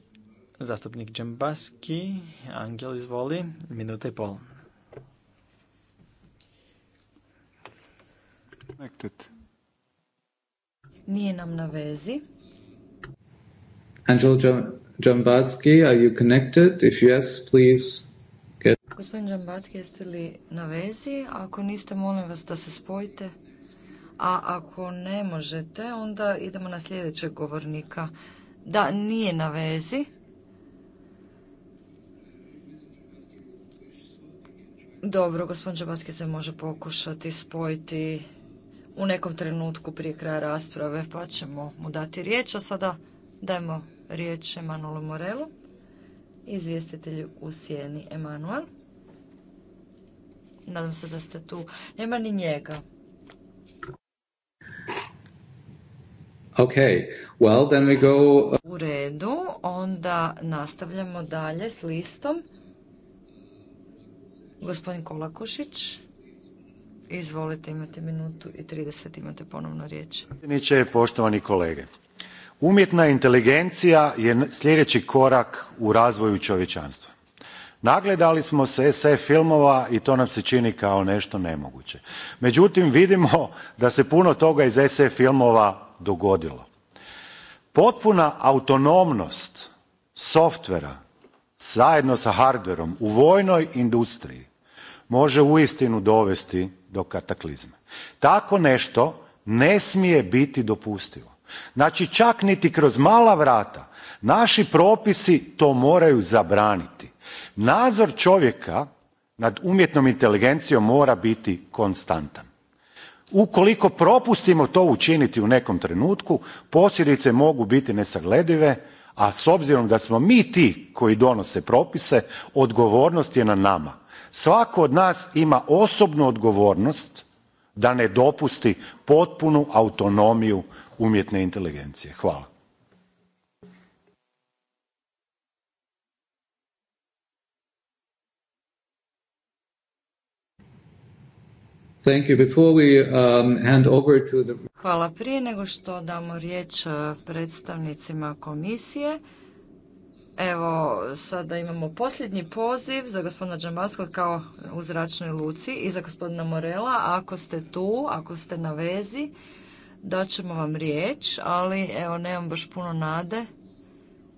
Zastupnik Džembaski, Angel izvoli, minuta i pol. Nije nam na vezi. Angel Džambatski, are you connected? If yes, please Gospodin Džambatski, jeste li na vezi? Ako niste, molim vas da se spojite. A ako ne možete, onda idemo na sljedećeg govornika. Da, nije na vezi. Dobro, gospodin Batski se može pokušati spojiti u nekom trenutku prije kraja rasprave, pa ćemo mu dati riječ, a sada dajmo riječ Emanuelu Morelu, izvjestitelju u Sijeni Emanuel. Nadam se da ste tu. Nema ni njega. Okay. Well, then we go... Uh, u redu, onda nastavljamo dalje s listom. Gospodin Kolakušić, izvolite, imate minutu i 30, imate ponovno riječ. Poštovani kolege, umjetna inteligencija je sljedeći korak u razvoju čovječanstva. Nagledali smo se SF filmova i to nam se čini kao nešto nemoguće. Međutim, vidimo da se puno toga iz SF filmova dogodilo. Potpuna autonomnost softvera zajedno sa hardverom u vojnoj industriji može uistinu dovesti do kataklizma. Tako nešto ne smije biti dopustivo. Znači čak niti kroz mala vrata naši propisi to moraju zabraniti. Nadzor čovjeka nad umjetnom inteligencijom mora biti konstantan. Ukoliko propustimo to učiniti u nekom trenutku, posljedice mogu biti nesagledive, a s obzirom da smo mi ti koji donose propise, odgovornost je na nama Svako od nas ima osobnu odgovornost da ne dopusti potpunu autonomiju umjetne inteligencije. Hvala. Um, Hvala. Prije nego što damo riječ uh, predstavnicima komisije, Evo, sada imamo posljednji poziv za gospodina Džambalskog kao u zračnoj luci i za gospodina Morela. Ako ste tu, ako ste na vezi, daćemo vam riječ, ali evo, nemam baš puno nade.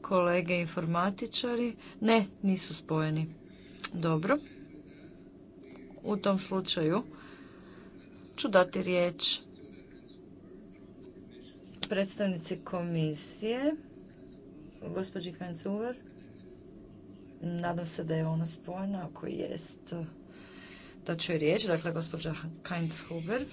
Kolege informatičari, ne, nisu spojeni. Dobro. U tom slučaju ću dati riječ predstavnici komisije gospođi Huber, Nadam se da je ona spojena, ako jest da ću je riječ, dakle gospođa Kainz Huber.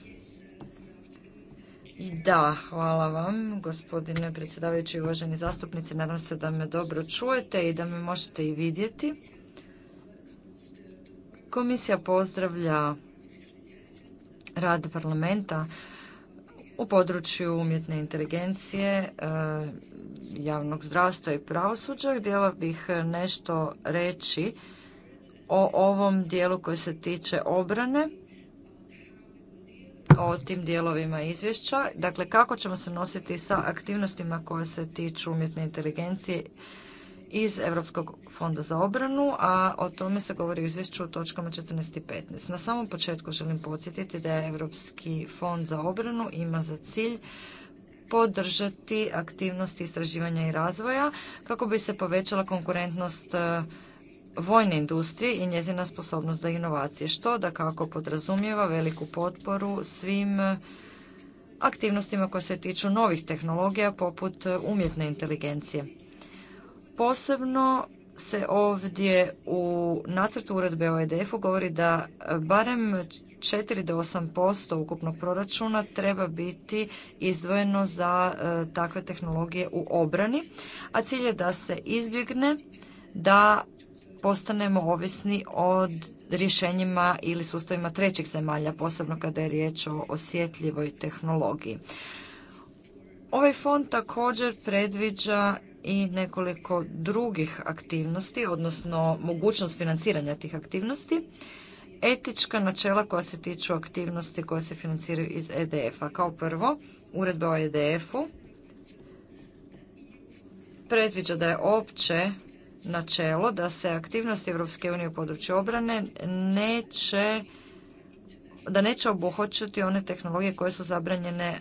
Da, hvala vam gospodine predsjedavajući i uvaženi zastupnici. Nadam se da me dobro čujete i da me možete i vidjeti. Komisija pozdravlja rad parlamenta u području umjetne inteligencije, e, javnog zdravstva i pravosuđa. Htjela bih nešto reći o ovom dijelu koji se tiče obrane, o tim dijelovima izvješća. Dakle, kako ćemo se nositi sa aktivnostima koje se tiču umjetne inteligencije iz Europskog fonda za obranu, a o tome se govori u izvješću u točkama 14 i 15. Na samom početku želim podsjetiti da je Europski fond za obranu ima za cilj podržati aktivnosti istraživanja i razvoja kako bi se povećala konkurentnost e, vojne industrije i njezina sposobnost za inovacije, što da kako podrazumijeva veliku potporu svim e, aktivnostima koje se tiču novih tehnologija poput umjetne inteligencije. Posebno se ovdje u nacrtu uredbe o EDF-u govori da e, barem 4 do 8% ukupnog proračuna treba biti izdvojeno za e, takve tehnologije u obrani, a cilj je da se izbjegne da postanemo ovisni od rješenjima ili sustavima trećih zemalja, posebno kada je riječ o osjetljivoj tehnologiji. Ovaj fond također predviđa i nekoliko drugih aktivnosti, odnosno mogućnost financiranja tih aktivnosti, etička načela koja se tiču aktivnosti koje se financiraju iz EDF-a. Kao prvo, uredba o EDF-u predviđa da je opće načelo da se aktivnosti Europske unije u području obrane neće da neće obuhvaćati one tehnologije koje su zabranjene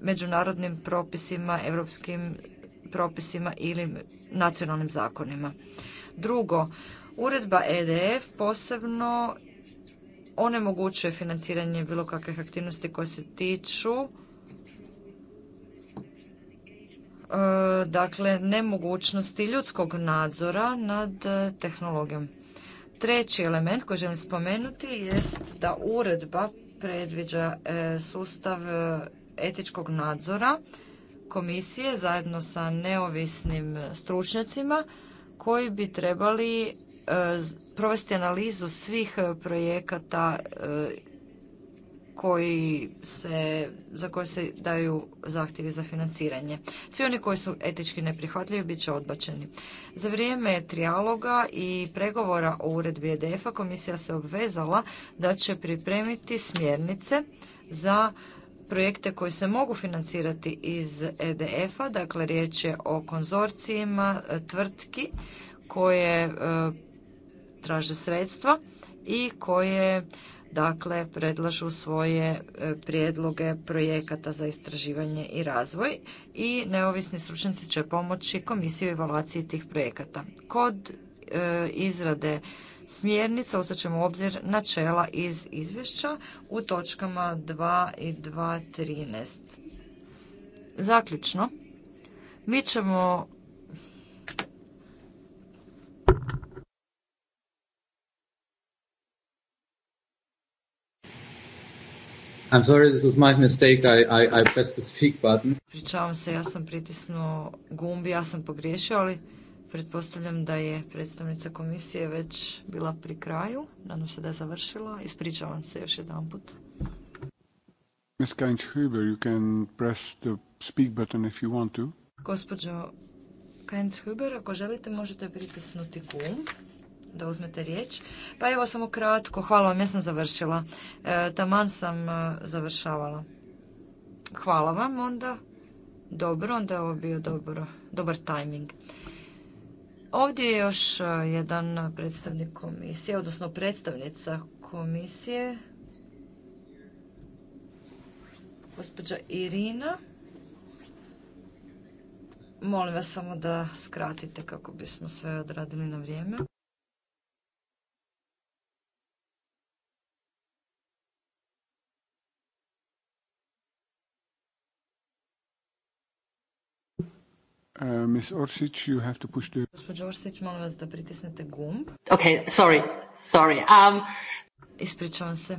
međunarodnim propisima, europskim propisima ili nacionalnim zakonima. Drugo, uredba EDF posebno onemogućuje financiranje bilo kakvih aktivnosti koje se tiču e, dakle nemogućnosti ljudskog nadzora nad tehnologijom. Treći element koji želim spomenuti jest da uredba predviđa e, sustav e, etičkog nadzora komisije zajedno sa neovisnim stručnjacima koji bi trebali e, provesti analizu svih projekata e, koji se, za koje se daju zahtjevi za financiranje. Svi oni koji su etički neprihvatljivi bit će odbačeni. Za vrijeme trijaloga i pregovora o uredbi EDF-a komisija se obvezala da će pripremiti smjernice za projekte koji se mogu financirati iz EDF-a, dakle riječ je o konzorcijima e, tvrtki koje e, traže sredstva i koje dakle predlažu svoje e, prijedloge projekata za istraživanje i razvoj i neovisni stručnjaci će pomoći komisiji u evaluaciji tih projekata. Kod izrade smjernica uzet ćemo u obzir načela iz izvješća u točkama 2 i 2.13. Zaključno, mi ćemo I'm sorry, this was my mistake. I, I, I pressed the speak button. Pričavam se, ja sam pritisnuo gumbi, ja sam pogriješio, ali Pretpostavljam da je predstavnica komisije već bila pri kraju. Nadam se da je završila. Ispričavam se još jedan put. Gospođo Kainz-Huber, ako želite možete pritisnuti gumb da uzmete riječ. Pa evo samo kratko, hvala vam, ja sam završila. E, taman sam e, završavala. Hvala vam onda. Dobro, onda je ovo bio dobro, dobar tajming. Ovdje je još e, jedan predstavnik komisije, odnosno predstavnica komisije, gospođa Irina. Molim vas samo da skratite kako bismo sve odradili na vrijeme. Uh, Ms. Orsic, you have to push the... molim vas da pritisnete gumb. Ok, sorry, sorry. Um, Ispričavam se.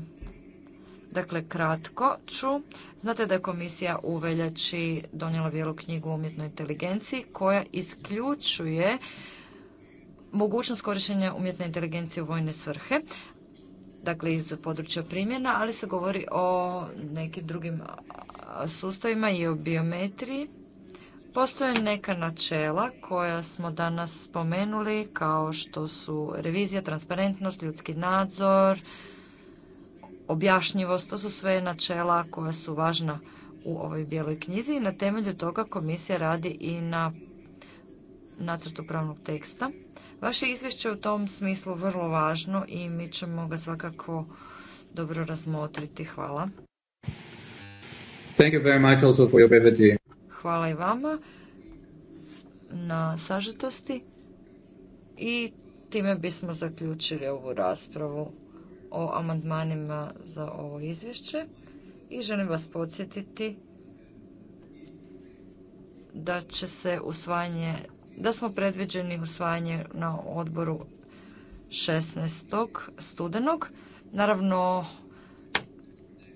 Dakle, kratko ću. Znate da je komisija u veljači donijela bijelu knjigu o umjetnoj inteligenciji koja isključuje mogućnost korištenja umjetne inteligencije u vojne svrhe, dakle iz područja primjena, ali se govori o nekim drugim sustavima i o biometriji Postoje neka načela koja smo danas spomenuli kao što su revizija, transparentnost, ljudski nadzor, objašnjivost, to su sve načela koja su važna u ovoj bijeloj knjizi i na temelju toga komisija radi i na nacrtu pravnog teksta. Vaše izvješće je u tom smislu vrlo važno i mi ćemo ga svakako dobro razmotriti. Hvala. Thank you very much also for your Hvala i vama na sažetosti i time bismo zaključili ovu raspravu o amandmanima za ovo izvješće i želim vas podsjetiti da će se usvajanje, da smo predviđeni usvajanje na odboru 16. studenog. Naravno,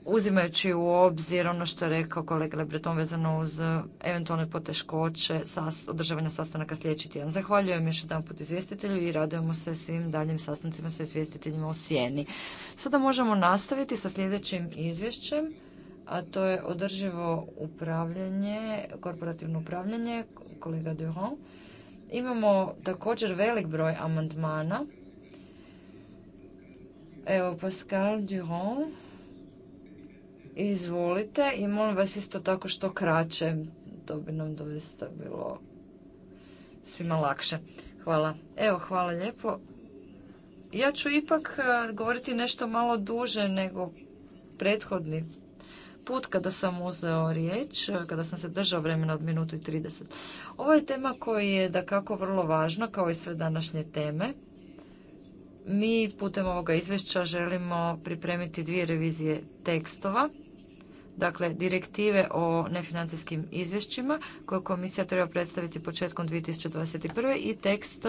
uzimajući u obzir ono što je rekao kolega Lebreton vezano uz e, eventualne poteškoće sas, održavanja sastanaka sljedeći tjedan. Zahvaljujem još jedan put izvjestitelju i radujemo se svim daljim sastancima sa izvjestiteljima o Sjeni. Sada možemo nastaviti sa sljedećim izvješćem a to je održivo upravljanje, korporativno upravljanje, kolega Duhon. Imamo također velik broj amandmana. Evo, Pascal Durand. Izvolite i molim vas isto tako što kraće. To bi nam doista bilo svima lakše. Hvala. Evo, hvala lijepo. Ja ću ipak e, govoriti nešto malo duže nego prethodni put kada sam uzeo riječ, e, kada sam se držao vremena od minutu i 30. Ovo je tema koja je da kako vrlo važna, kao i sve današnje teme. Mi putem ovoga izvješća želimo pripremiti dvije revizije tekstova dakle direktive o nefinancijskim izvješćima koje komisija treba predstaviti početkom 2021. i tekst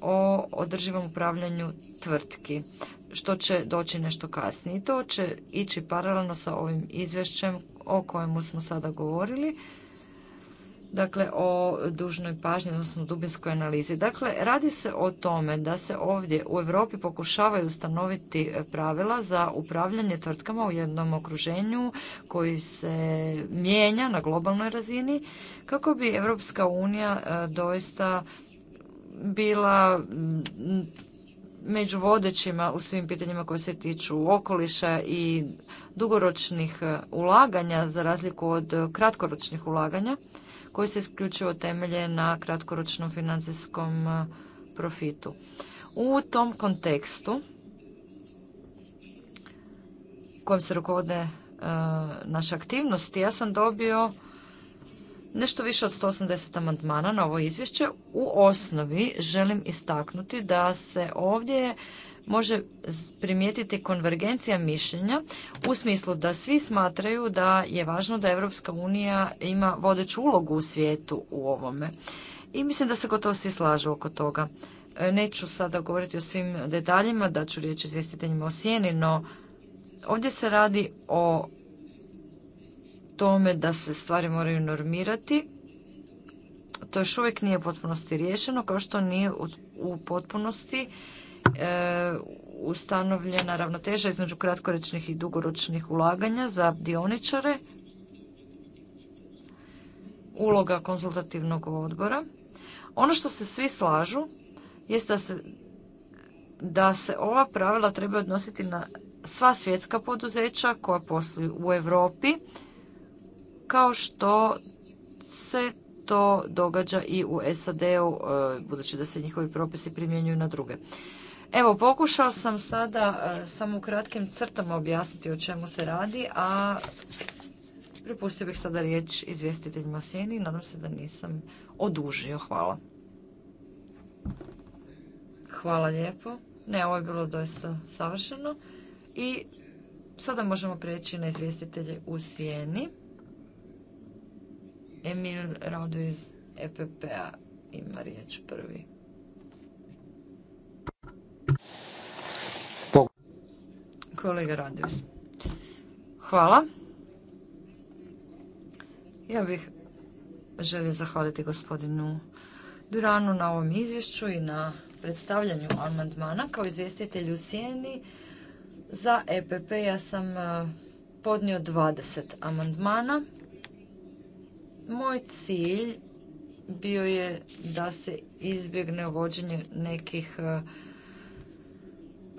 o održivom upravljanju tvrtki što će doći nešto kasnije. to će ići paralelno sa ovim izvješćem o kojemu smo sada govorili dakle o dužnoj pažnji, odnosno dubinskoj analizi. Dakle, radi se o tome da se ovdje u Europi pokušavaju ustanoviti e, pravila za upravljanje tvrtkama u jednom okruženju koji se mijenja na globalnoj razini kako bi Europska unija e, doista bila među vodećima u svim pitanjima koje se tiču okoliša i dugoročnih e, ulaganja za razliku od kratkoročnih ulaganja koji se isključivo temelje na kratkoročnom financijskom e, profitu. U tom kontekstu kojem se rukovode e, naše aktivnosti, ja sam dobio nešto više od 180 amandmana na ovo izvješće. U osnovi želim istaknuti da se ovdje može primijetiti konvergencija mišljenja u smislu da svi smatraju da je važno da Europska unija ima vodeću ulogu u svijetu u ovome. I mislim da se gotovo svi slažu oko toga. E, neću sada govoriti o svim detaljima, da ću riječ izvjestiteljima o sjeni, no ovdje se radi o tome da se stvari moraju normirati. To još uvijek nije u potpunosti riješeno, kao što nije u potpunosti E, ustanovljena ravnoteža između kratkoročnih i dugoročnih ulaganja za dioničare, uloga konzultativnog odbora. Ono što se svi slažu jest da se, da se ova pravila treba odnositi na sva svjetska poduzeća koja posluju u Europi kao što se to događa i u SAD-u e, budući da se njihovi propisi primjenjuju na druge. Evo, pokušao sam sada e, samo u kratkim crtama objasniti o čemu se radi, a pripustio bih sada riječ izvjestiteljima sjeni. Nadam se da nisam odužio. Hvala. Hvala lijepo. Ne, ovo je bilo doista savršeno. I sada možemo prijeći na izvjestitelje u sjeni. Emil Radu iz EPP-a ima riječ prvi. Kolega Radius. Hvala. Ja bih želio zahvaliti gospodinu Duranu na ovom izvješću i na predstavljanju amandmana kao izvjestitelj u Sijeni. Za EPP ja sam e, podnio 20 amandmana. Moj cilj bio je da se izbjegne uvođenje nekih e,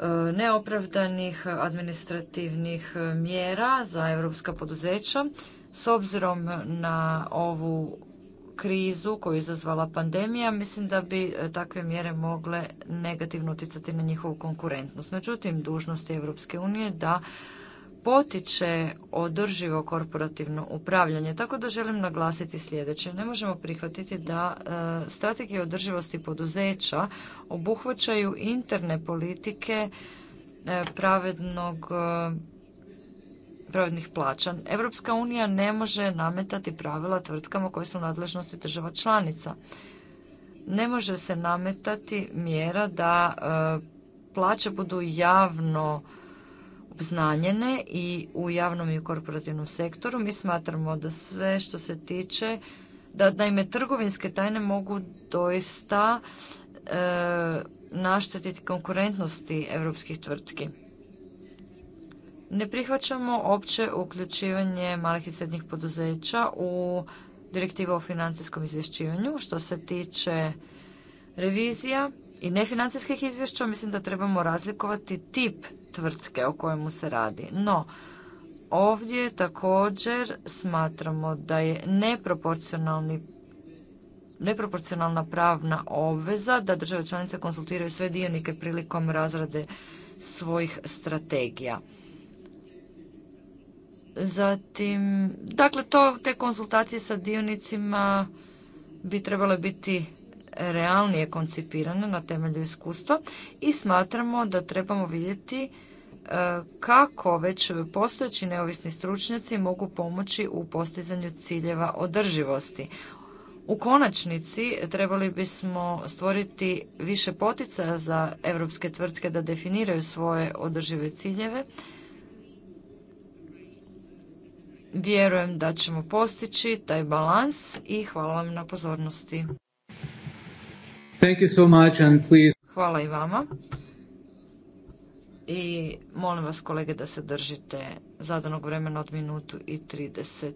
E, neopravdanih administrativnih e, mjera za europska poduzeća. S obzirom na ovu krizu koju je izazvala pandemija, mislim da bi e, takve mjere mogle negativno utjecati na njihovu konkurentnost. Međutim, dužnost je Europske unije da potiče održivo korporativno upravljanje. Tako da želim naglasiti sljedeće. Ne možemo prihvatiti da e, strategije održivosti poduzeća obuhvaćaju interne politike e, pravednog e, pravednih plaća. Europska unija ne može nametati pravila tvrtkama koje su u nadležnosti država članica. Ne može se nametati mjera da plaće budu javno obznanjene i u javnom i u korporativnom sektoru. Mi smatramo da sve što se tiče, da naime trgovinske tajne mogu doista e, naštetiti konkurentnosti europskih tvrtki. Ne prihvaćamo opće uključivanje malih i srednjih poduzeća u direktivu o financijskom izvješćivanju. Što se tiče revizija, i nefinancijskih izvješća, mislim da trebamo razlikovati tip tvrtke o kojemu se radi. No, ovdje također smatramo da je neproporcionalni neproporcionalna pravna obveza da države članice konsultiraju sve dionike prilikom razrade svojih strategija. Zatim, dakle, to, te konsultacije sa dionicima bi trebale biti realnije koncipirano na temelju iskustva i smatramo da trebamo vidjeti e, kako već postojeći neovisni stručnjaci mogu pomoći u postizanju ciljeva održivosti. U konačnici trebali bismo stvoriti više poticaja za europske tvrtke da definiraju svoje održive ciljeve. Vjerujem da ćemo postići taj balans i hvala vam na pozornosti. Thank you Hvala i vama. I molim vas kolege da se držite zadanog vremena od minutu i 30.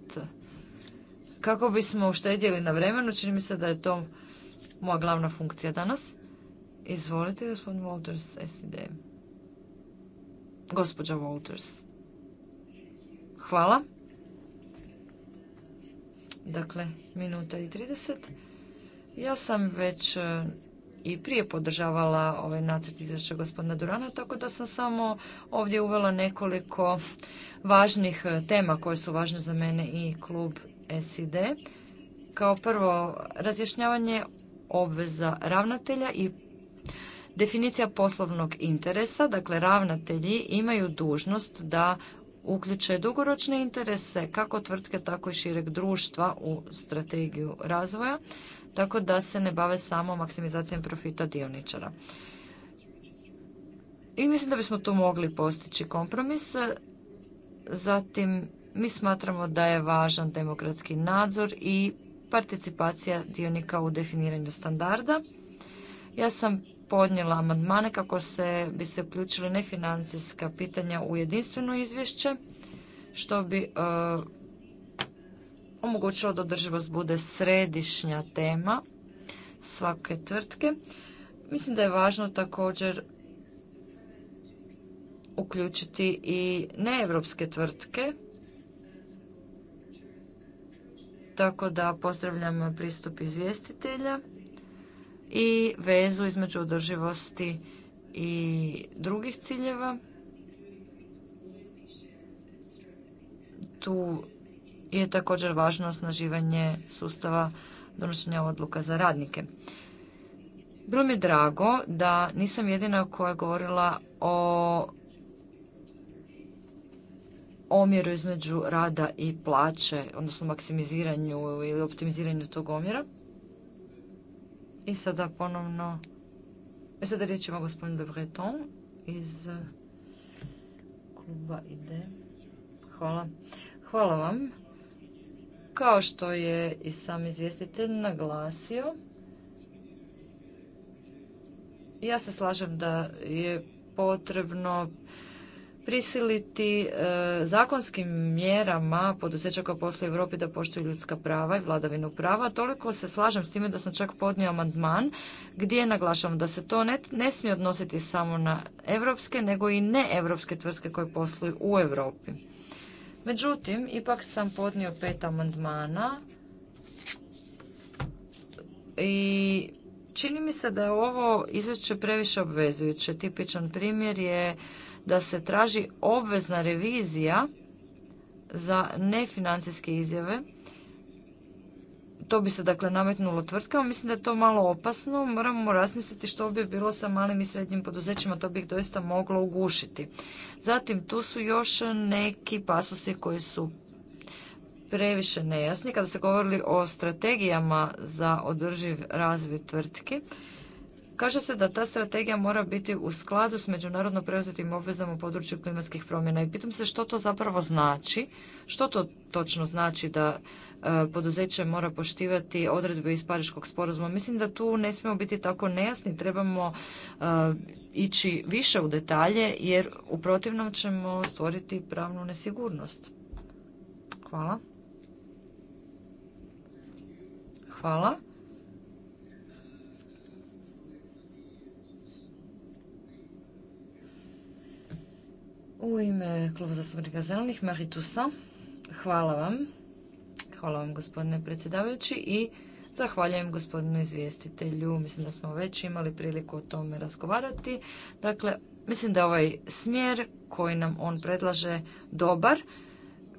Kako bismo uštedjeli na vremenu, čini mi se da je to moja glavna funkcija danas. Izvolite, gospodin Walters, SID. Gospođa Walters. Hvala. Dakle, minuta i 30. Ja sam već e, i prije podržavala ovaj nacrt izvješća gospodina Durana, tako da sam samo ovdje uvela nekoliko važnih e, tema koje su važne za mene i klub SID. Kao prvo, razjašnjavanje obveza ravnatelja i definicija poslovnog interesa. Dakle, ravnatelji imaju dužnost da uključe dugoročne interese kako tvrtke, tako i šireg društva u strategiju razvoja tako da se ne bave samo maksimizacijom profita dioničara. I mislim da bismo tu mogli postići kompromis. Zatim, mi smatramo da je važan demokratski nadzor i participacija dionika u definiranju standarda. Ja sam podnijela amandmane kako se bi se uključili nefinancijska pitanja u jedinstveno izvješće, što bi e, omogućilo da održivost bude središnja tema svake tvrtke. Mislim da je važno također uključiti i neevropske tvrtke, tako da pozdravljam pristup izvjestitelja i vezu između održivosti i drugih ciljeva. Tu je također važno osnaživanje sustava donošenja odluka za radnike. Bilo mi je drago da nisam jedina koja je govorila o omjeru između rada i plaće, odnosno maksimiziranju ili optimiziranju tog omjera. I sada ponovno... E sada riječ ima gospodin Breton iz kluba IDE. Hvala. Hvala vam. Kao što je i sam izvjestitelj naglasio, ja se slažem da je potrebno prisiliti e, zakonskim mjerama poduzeća koja posluje u Europi da poštuju ljudska prava i vladavinu prava. Toliko se slažem s time da sam čak podnio amandman gdje naglašavam da se to ne, smije odnositi samo na europske nego i neevropske tvrtke koje posluju u Europi. Međutim, ipak sam podnio pet amandmana i čini mi se da je ovo izvješće previše obvezujuće. Tipičan primjer je da se traži obvezna revizija za nefinancijske izjave to bi se dakle nametnulo tvrtkama, mislim da je to malo opasno, moramo razmisliti što bi bilo sa malim i srednjim poduzećima, to bi ih doista moglo ugušiti. Zatim tu su još neki pasusi koji su previše nejasni. Kada se govorili o strategijama za održiv razvoj tvrtki, Kaže se da ta strategija mora biti u skladu s međunarodno preuzetim obvezama u području klimatskih promjena i pitam se što to zapravo znači, što to točno znači da E, poduzeće mora poštivati odredbe iz Pariškog sporazuma. Mislim da tu ne smijemo biti tako nejasni, trebamo e, ići više u detalje jer u protivnom ćemo stvoriti pravnu nesigurnost. Hvala. Hvala. U ime Kluba zastupnika zelenih, Maritusa, hvala vam. Hvala vam gospodine predsjedavajući i Zahvaljujem gospodinu izvjestitelju. Mislim da smo već imali priliku o tome razgovarati. Dakle, mislim da je ovaj smjer koji nam on predlaže dobar,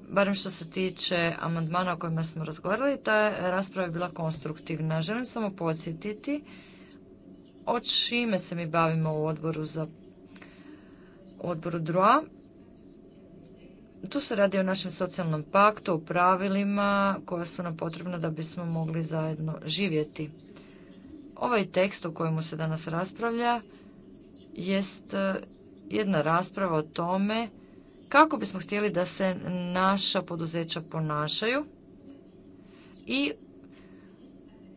barem što se tiče amandmana o kojima smo razgovarali, ta rasprava je bila konstruktivna. Želim samo podsjetiti o čime se mi bavimo u odboru za odboru DROA. Tu se radi o našem socijalnom paktu, o pravilima koja su nam potrebna da bismo mogli zajedno živjeti. Ovaj tekst o kojemu se danas raspravlja jest e, jedna rasprava o tome kako bismo htjeli da se naša poduzeća ponašaju i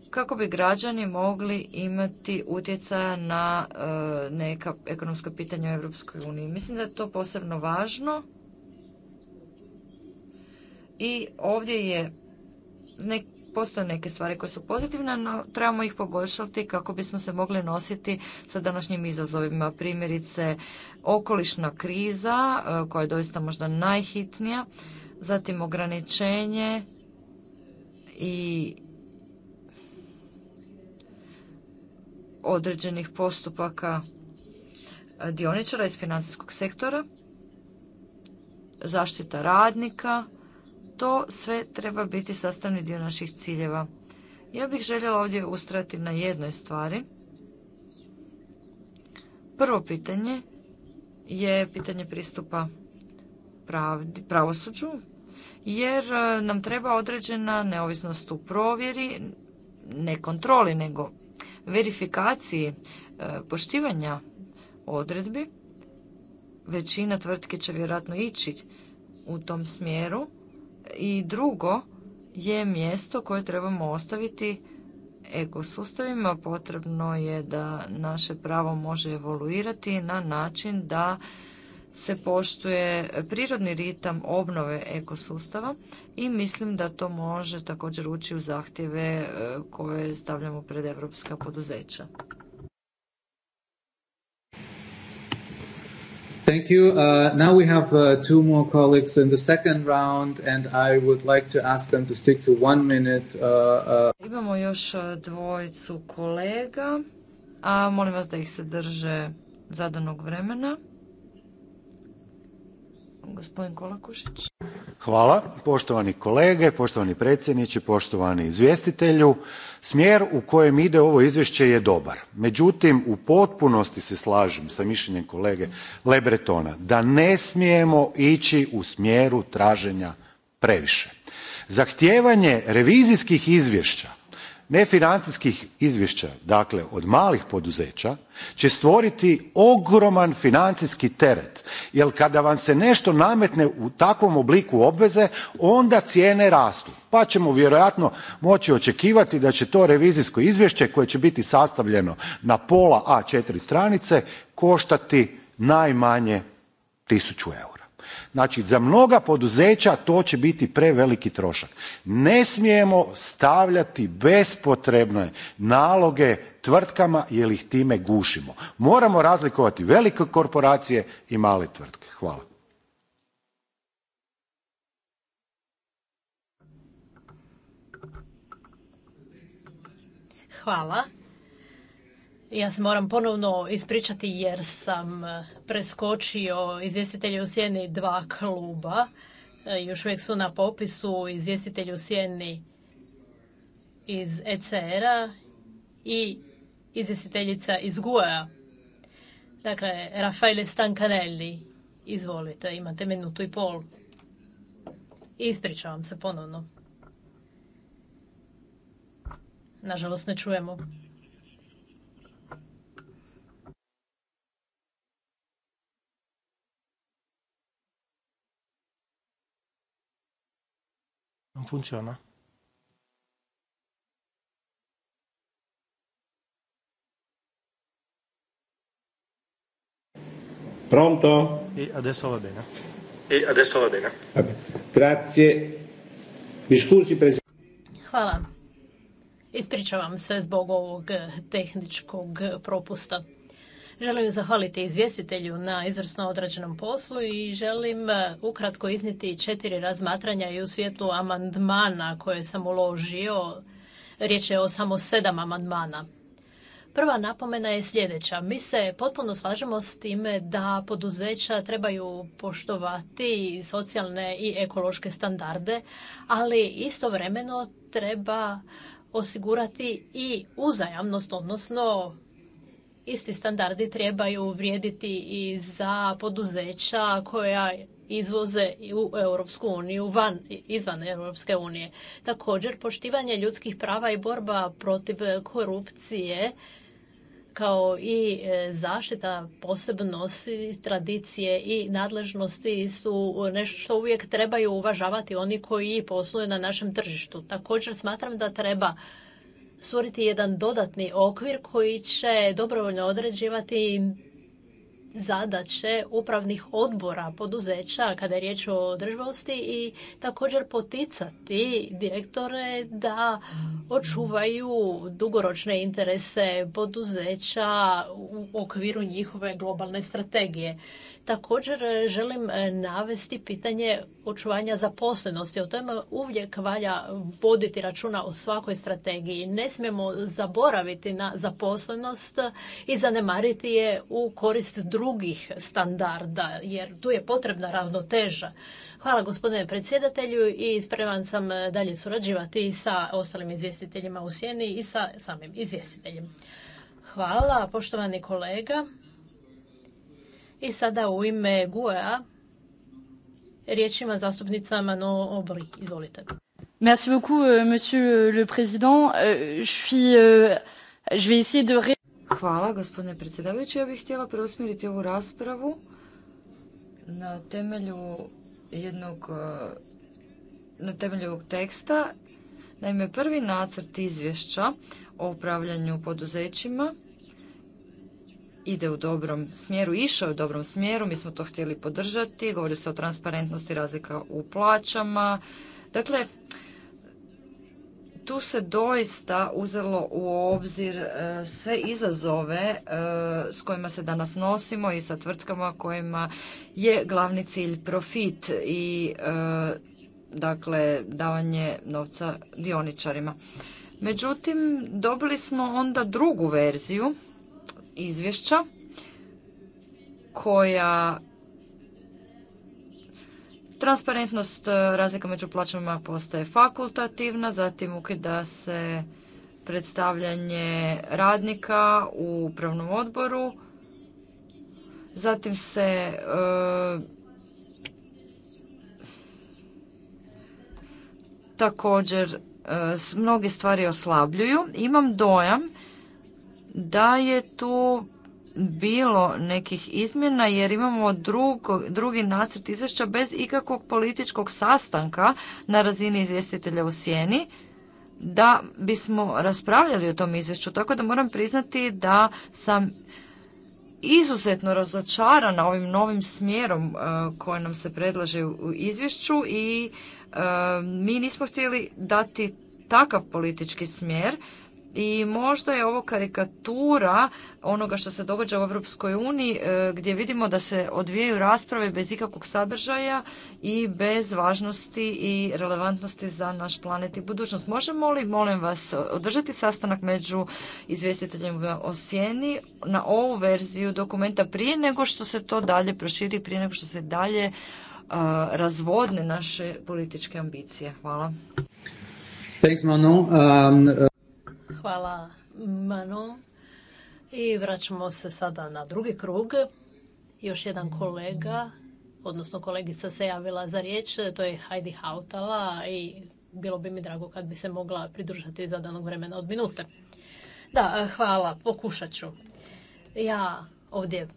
kako bi građani mogli imati utjecaja na e, neka ekonomska pitanja u EU. Mislim da je to posebno važno i ovdje je nek, postoje neke stvari koje su pozitivne, no trebamo ih poboljšati kako bismo se mogli nositi sa današnjim izazovima. Primjerice, okolišna kriza, e, koja je doista možda najhitnija, zatim ograničenje i određenih postupaka e, dioničara iz financijskog sektora, zaštita radnika, to sve treba biti sastavni dio naših ciljeva. Ja bih željela ovdje ustrati na jednoj stvari. Prvo pitanje je pitanje pristupa pravosuđu, jer e, nam treba određena neovisnost u provjeri, ne kontroli, nego verifikaciji e, poštivanja odredbi. Većina tvrtki će vjerojatno ići u tom smjeru i drugo je mjesto koje trebamo ostaviti ekosustavima. Potrebno je da naše pravo može evoluirati na način da se poštuje prirodni ritam obnove ekosustava i mislim da to može također ući u zahtjeve e, koje stavljamo pred europska poduzeća. Thank you. Uh, now we have uh, two more colleagues in the second round and I would like to ask them to stick to one minute. Uh, uh. Imamo još uh, dvojicu kolega, a molim vas da ih se drže zadanog vremena. Gospodin Kolakušić. Hvala. Poštovani kolege, poštovani predsjedniče, poštovani izvjestitelju. Smjer u kojem ide ovo izvješće je dobar. Međutim, u potpunosti se slažem sa mišljenjem kolege Lebretona da ne smijemo ići u smjeru traženja previše. Zahtijevanje revizijskih izvješća nefinancijskih izvješća, dakle od malih poduzeća, će stvoriti ogroman financijski teret. Jer kada vam se nešto nametne u takvom obliku obveze, onda cijene rastu. Pa ćemo vjerojatno moći očekivati da će to revizijsko izvješće koje će biti sastavljeno na pola A4 stranice koštati najmanje 1000 eura. Znači, za mnoga poduzeća to će biti preveliki trošak. Ne smijemo stavljati bespotrebne naloge tvrtkama jer ih time gušimo. Moramo razlikovati velike korporacije i male tvrtke. Hvala. Hvala. Ja se moram ponovno ispričati jer sam eh, preskočio izvjestitelje u sjeni dva kluba. Eh, još uvijek su na popisu izvjestitelji u sjeni iz ECR-a i izvjestiteljica iz GUE-a. Dakle, Raffaele Stankanelli, izvolite, imate minutu i pol. Ispričavam se ponovno. Nažalost, ne čujemo. non funziona? Pronto? E adesso va bene. E adesso va bene. Va bene. Grazie. Mi scusi, presidente. Hvala. Ispričavam se zbog ovog tehničkog propusta. Želim zahvaliti izvjestitelju na izvrsno odrađenom poslu i želim e, ukratko izniti četiri razmatranja i u svjetlu amandmana koje sam uložio. Riječ je o samo sedam amandmana. Prva napomena je sljedeća. Mi se potpuno slažemo s time da poduzeća trebaju poštovati socijalne i ekološke standarde, ali istovremeno treba osigurati i uzajamnost, odnosno isti standardi trebaju vrijediti i za poduzeća koja izvoze u Europsku uniju van, izvan Europske unije. Također, poštivanje ljudskih prava i borba protiv korupcije kao i e, zaštita posebnosti, tradicije i nadležnosti su nešto što uvijek trebaju uvažavati oni koji posluju na našem tržištu. Također smatram da treba stvoriti jedan dodatni okvir koji će dobrovoljno određivati zadaće upravnih odbora poduzeća kada je riječ o održivosti i također poticati direktore da očuvaju dugoročne interese poduzeća u okviru njihove globalne strategije. Također e, želim e, navesti pitanje očuvanja zaposlenosti. O tome uvijek valja voditi računa o svakoj strategiji. Ne smijemo zaboraviti na zaposlenost i zanemariti je u korist drugih standarda, jer tu je potrebna ravnoteža. Hvala gospodine predsjedatelju i spreman sam e, dalje surađivati sa ostalim izvjestiteljima u Sjeni i sa samim izvjestiteljem. Hvala, poštovani kolega. I sada u ime GUE-a riječima zastupnica Mano Obri. Izvolite. Merci beaucoup, euh, monsieur euh, le président. Euh, je vais essayer de... Hvala, gospodine predsjedavajući. Ja bih htjela preusmjeriti ovu raspravu na temelju jednog uh, na temelju ovog teksta. Naime, prvi nacrt izvješća o upravljanju poduzećima ide u dobrom smjeru, išao je u dobrom smjeru, mi smo to htjeli podržati, govori se o transparentnosti razlika u plaćama. Dakle, tu se doista uzelo u obzir e, sve izazove e, s kojima se danas nosimo i sa tvrtkama kojima je glavni cilj profit i e, dakle davanje novca dioničarima. Međutim, dobili smo onda drugu verziju izvješća koja transparentnost e, razlika među plaćama postaje fakultativna, zatim ukida se predstavljanje radnika u upravnom odboru, zatim se e, također e, mnoge stvari oslabljuju. Imam dojam da je tu bilo nekih izmjena jer imamo drugi nacrt izvješća bez ikakvog političkog sastanka na razini izvjestitelja u sjeni da bismo raspravljali o tom izvješću. Tako da moram priznati da sam izuzetno razočarana ovim novim smjerom e, koje nam se predlaže u izvješću i e, mi nismo htjeli dati takav politički smjer i možda je ovo karikatura onoga što se događa u Europskoj uniji e, gdje vidimo da se odvijaju rasprave bez ikakvog sadržaja i bez važnosti i relevantnosti za naš planet i budućnost. Možemo li, molim vas, održati sastanak među izvjestiteljima o sjeni na ovu verziju dokumenta prije nego što se to dalje proširi, prije nego što se dalje e, razvodne naše političke ambicije. Hvala. Um, Hvala Manu. I vraćamo se sada na drugi krug. Još jedan kolega, odnosno kolegica se javila za riječ, to je Heidi Hautala i bilo bi mi drago kad bi se mogla pridružati za danog vremena od minute. Da, hvala, pokušat ću. Ja ovdje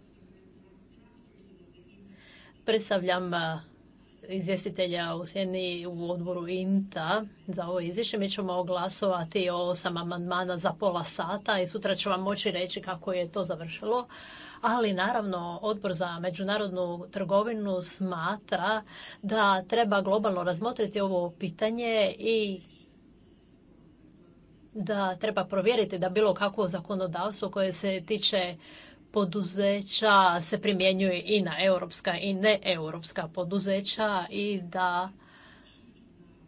predstavljam izvjestitelja u Sjeni u odboru INTA za ovo izvješće. Mi ćemo glasovati o osam amandmana za pola sata i sutra ću vam moći reći kako je to završilo. Ali naravno, odbor za međunarodnu trgovinu smatra da treba globalno razmotriti ovo pitanje i da treba provjeriti da bilo kakvo zakonodavstvo koje se tiče poduzeća se primjenjuje i na europska i neeuropska poduzeća i da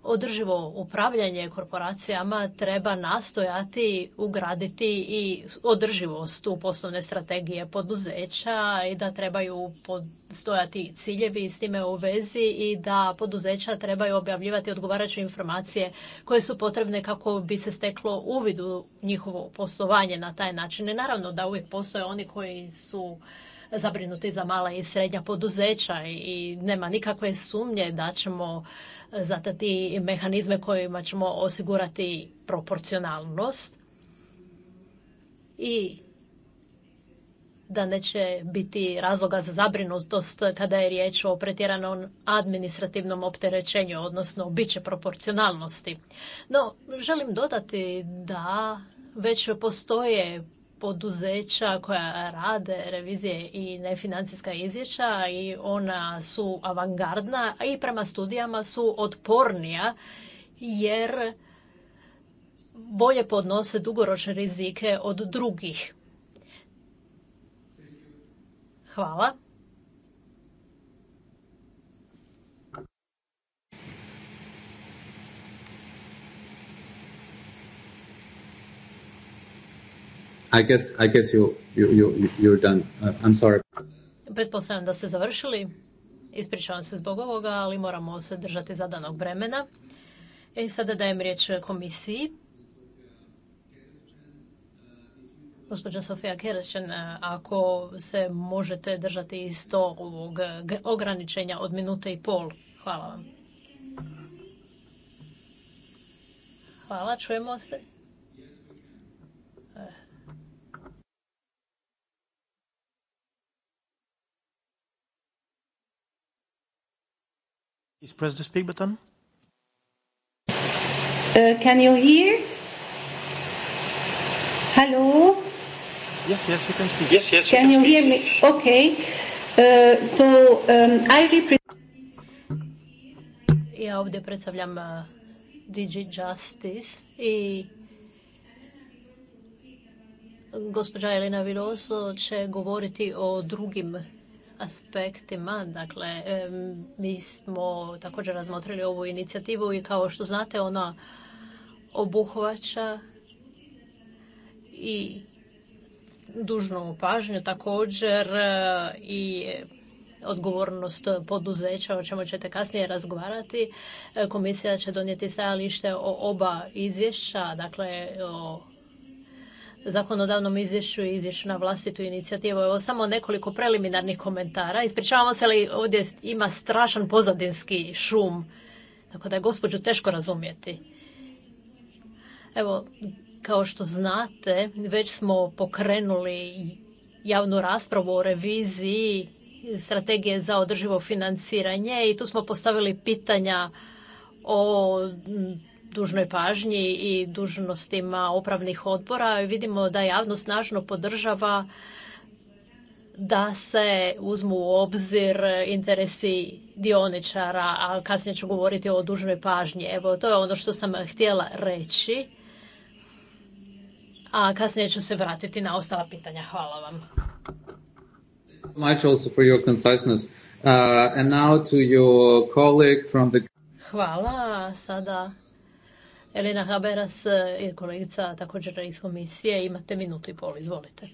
održivo upravljanje korporacijama treba nastojati ugraditi i održivost u poslovne strategije poduzeća i da trebaju postojati ciljevi s time u vezi i da poduzeća trebaju objavljivati odgovarajuće informacije koje su potrebne kako bi se steklo uvid u njihovo poslovanje na taj način. I naravno da uvijek postoje oni koji su zabrinuti za mala i srednja poduzeća i nema nikakve sumnje da ćemo e, zatati mehanizme kojima ćemo osigurati proporcionalnost i da neće biti razloga za zabrinutost kada je riječ o pretjeranom administrativnom opterećenju, odnosno biće proporcionalnosti. No, želim dodati da već postoje poduzeća koja rade revizije i nefinancijska izvješća i ona su avangardna i prema studijama su otpornija jer bolje podnose dugoročne rizike od drugih. Hvala. I Pretpostavljam da ste završili. Ispričavam se zbog ovoga, ali moramo se držati zadanog vremena. I e, sada dajem riječ komisiji. Gospođa Sofija Kerešćen, ako se možete držati iz ovog ograničenja od minute i pol. Hvala vam. Hvala, čujemo se. Please press the speak button. Uh, can you hear? Hello? Yes, yes, you can speak. Yes, yes. Can you, can you hear me? Okay. Uh, so, um, I represent... Ja ovdje predstavljam uh, DG Justice i gospođa Elena Viloso će govoriti o drugim aspektima. Dakle, mi smo također razmotrili ovu inicijativu i kao što znate ona obuhvaća i dužnu pažnju također e, i odgovornost poduzeća, o čemu ćete kasnije razgovarati. E, komisija će donijeti stajalište o oba izvješća, dakle o zakonodavnom izvješću i izvješću na vlastitu inicijativu. Evo samo nekoliko preliminarnih komentara. Ispričavamo se li ovdje ima strašan pozadinski šum, tako da je gospođu teško razumjeti. Evo, kao što znate, već smo pokrenuli javnu raspravu o reviziji strategije za održivo financiranje i tu smo postavili pitanja o dužnoj pažnji i dužnostima opravnih odbora. Vidimo da javnost snažno podržava da se uzmu u obzir interesi dioničara, a kasnije ću govoriti o dužnoj pažnji. Evo, to je ono što sam htjela reći. A kasnije ću se vratiti na ostala pitanja. Hvala vam. Hvala. Sada Elena Haberas e, je kolegica također iz komisije. Imate minutu i pol, izvolite.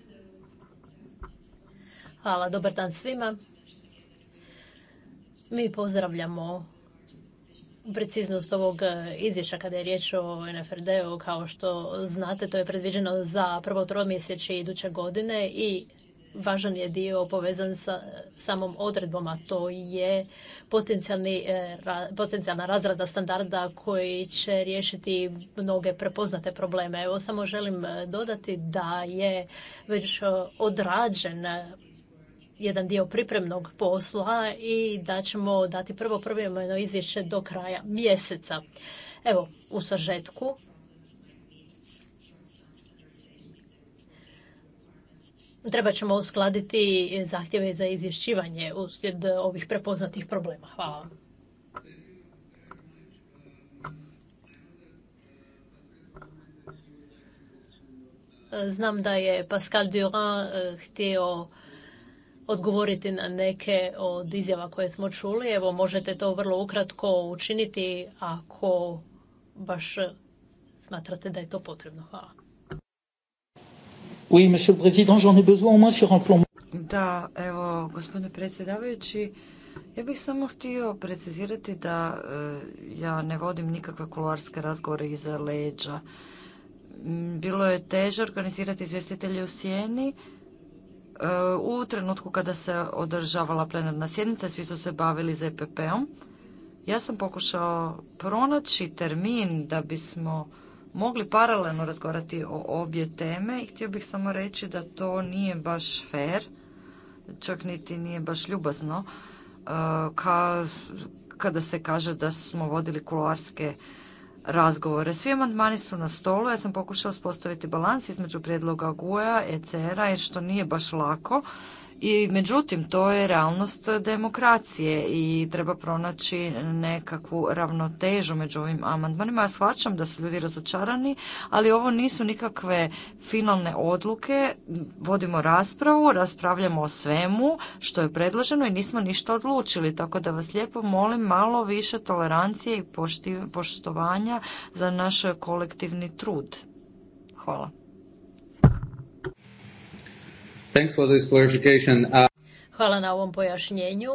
Hvala, dobar dan svima. Mi pozdravljamo preciznost ovog e, izvješća kada je riječ o NFRD-u. Kao što znate, to je predviđeno za prvo tromjeseće iduće godine i važan je dio povezan sa samom odredbom, a to je e, potencijalna razrada standarda koji će riješiti mnoge prepoznate probleme. Evo samo želim e, dodati da je već e, odrađen jedan dio pripremnog posla i da ćemo dati prvo privremeno izvješće do kraja mjeseca. Evo, u sažetku Treba ćemo uskladiti zahtjeve za izvješćivanje uslijed ovih prepoznatih problema. Hvala Znam da je Pascal Durand eh, htio odgovoriti na neke od izjava koje smo čuli. Evo, možete to vrlo ukratko učiniti ako baš smatrate da je to potrebno. Hvala. Oui, monsieur le président, j'en ai besoin au moins sur un plan. Da, evo, gospodine predsjedavajući, ja bih samo htio precizirati da e, ja ne vodim nikakve kuloarske razgovore iza leđa. Bilo je teže organizirati izvjestitelje u sjeni. E, u trenutku kada se održavala plenarna sjednica, svi su se bavili za epp om Ja sam pokušao pronaći termin da bismo mogli paralelno razgovarati o obje teme i htio bih samo reći da to nije baš fair, čak niti nije baš ljubazno, e, ka, kada se kaže da smo vodili kuloarske razgovore. Svi amandmani su na stolu, ja sam pokušao uspostaviti balans između prijedloga GUE-a, ECR-a, što nije baš lako i međutim, to je realnost demokracije i treba pronaći nekakvu ravnotežu među ovim amandmanima. Ja shvaćam da su ljudi razočarani, ali ovo nisu nikakve finalne odluke. Vodimo raspravu, raspravljamo o svemu što je predloženo i nismo ništa odlučili. Tako da vas lijepo molim malo više tolerancije i poštovanja za naš kolektivni trud. Hvala. Uh, Hvala na ovom pojašnjenju.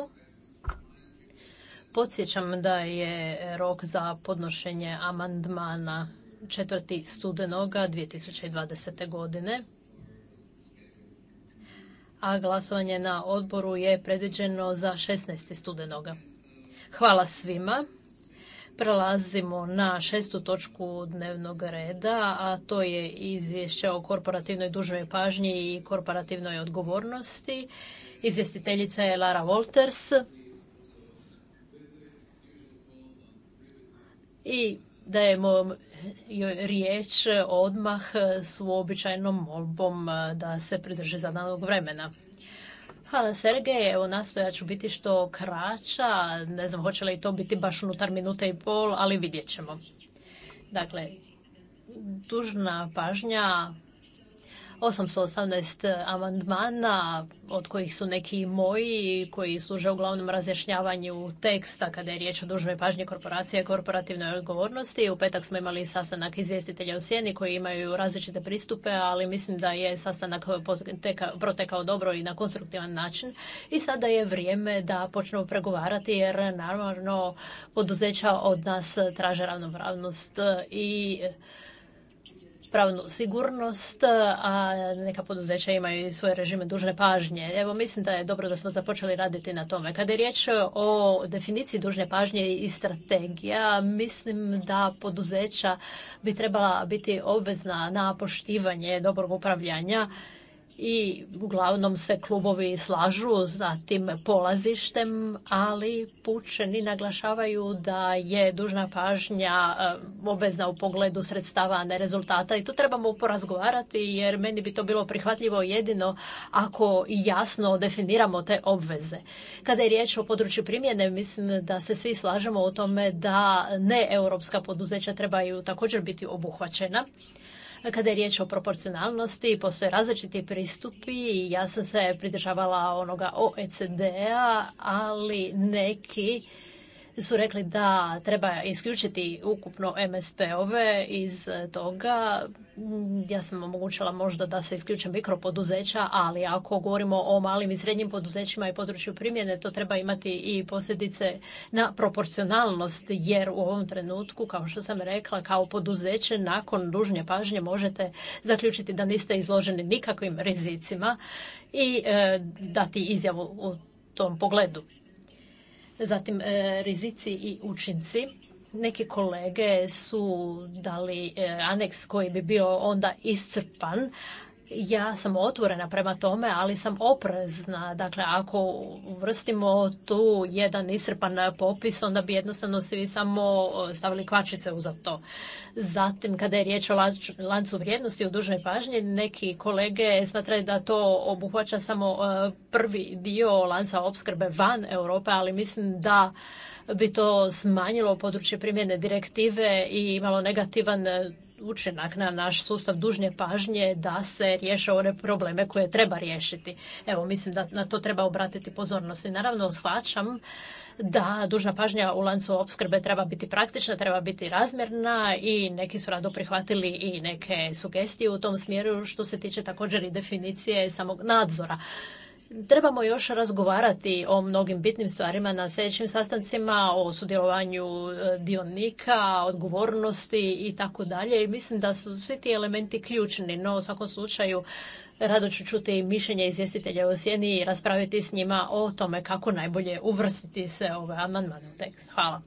Podsjećam da je rok za podnošenje amandmana 4. studenoga 2020. godine. A glasovanje na odboru je predviđeno za 16. studenoga. Hvala svima. Prelazimo na šestu točku dnevnog reda, a to je izvješće o korporativnoj dužnoj pažnji i korporativnoj odgovornosti. Izvjestiteljica je Lara Wolters. I dajemo joj riječ odmah s uobičajenom molbom da se pridrži zadanog vremena. Hvala Sergej, evo nastoja ću biti što kraća, ne znam hoće li to biti baš unutar minute i pol, ali vidjet ćemo. Dakle, dužna pažnja 818 eh, amandmana, od kojih su neki moji, koji služe uglavnom razjašnjavanju teksta kada je riječ o dužnoj pažnji korporacije i korporativnoj odgovornosti. U petak smo imali sastanak izvjestitelja u Sjeni koji imaju različite pristupe, ali mislim da je sastanak protekao dobro i na konstruktivan način. I sada je vrijeme da počnemo pregovarati jer naravno poduzeća od nas traže ravnopravnost i pravnu sigurnost, e, a neka poduzeća imaju i svoje režime dužne pažnje. Evo, mislim da je dobro da smo započeli raditi na tome. Kada je riječ o definiciji dužne pažnje i strategija, mislim da poduzeća bi trebala biti obvezna na poštivanje dobrog upravljanja i uglavnom se klubovi slažu za tim polazištem, ali pučeni naglašavaju da je dužna pažnja eh, obvezna u pogledu sredstava, ne rezultata. I tu trebamo porazgovarati jer meni bi to bilo prihvatljivo jedino ako jasno definiramo te obveze. Kada je riječ o području primjene, mislim da se svi slažemo o tome da ne europska poduzeća trebaju također biti obuhvaćena. Kada je riječ o proporcionalnosti, postoje različiti pristupi. Ja sam se pridržavala onoga OECD-a, ali neki su rekli da treba isključiti ukupno MSP-ove iz e, toga. Mm, ja sam omogućila možda da se isključe mikropoduzeća, ali ako govorimo o malim i srednjim poduzećima i području primjene, to treba imati i posljedice na proporcionalnost, jer u ovom trenutku, kao što sam rekla, kao poduzeće nakon dužnje pažnje možete zaključiti da niste izloženi nikakvim rizicima i e, dati izjavu u tom pogledu. Zatim e, rizici i učinci. Neki kolege su dali e, aneks koji bi bio onda iscrpan, ja sam otvorena prema tome, ali sam oprezna. Dakle, ako uvrstimo tu jedan isrpan popis, onda bi jednostavno svi samo e, stavili kvačice uza to. Zatim, kada je riječ o lancu vrijednosti u dužnoj pažnji, neki kolege smatraju da to obuhvaća samo e, prvi dio lanca opskrbe van Europe, ali mislim da bi to smanjilo područje primjene direktive i imalo negativan učinak na naš sustav dužnje pažnje da se riješe one probleme koje treba riješiti. Evo, mislim da na to treba obratiti pozornost. I naravno, shvaćam da dužna pažnja u lancu opskrbe treba biti praktična, treba biti razmjerna i neki su rado prihvatili i neke sugestije u tom smjeru što se tiče također i definicije samog nadzora. Trebamo još razgovarati o mnogim bitnim stvarima na sljedećim sastancima, o sudjelovanju e, dionika, odgovornosti i tako dalje. I mislim da su svi ti elementi ključni, no u svakom slučaju rado ću čuti mišljenje izvjestitelja u sjeni i raspraviti s njima o tome kako najbolje uvrstiti se ove amandman u tekst. Hvala.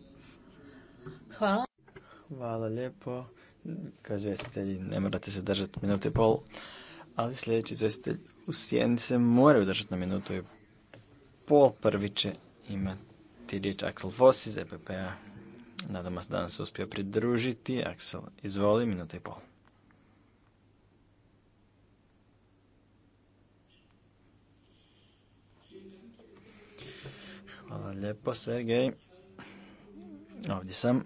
Hvala. Hvala lijepo. Kao izvjestitelji ne morate se držati minute i pol, ali sljedeći izvjestitelj u sjeni se moraju držati na minutu i pol. Prvi će imati riječ Axel Voss iz EPP-a. Nadam se danas se uspio pridružiti. Axel, izvoli, minuta i pol. Hvala lijepo, Sergej. Ovdje sam.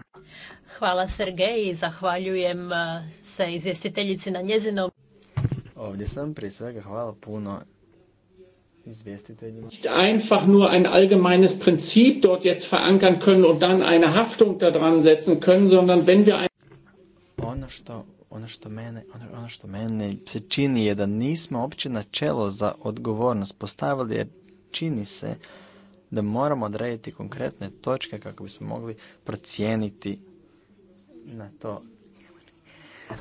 Hvala Sergej i zahvaljujem uh, se izvjestiteljici na njezinom Ovdje sam, prije svega hvala puno izvjestiteljima. Nicht einfach nur ein allgemeines princip dort jetzt verankern können und dann eine Haftung da dran setzen können, sondern wenn wir ein... Ono što, ono što mene, ono, ono što mene se čini je da nismo opće načelo za odgovornost postavili jer čini se da moramo odrediti konkretne točke kako bismo mogli procijeniti na to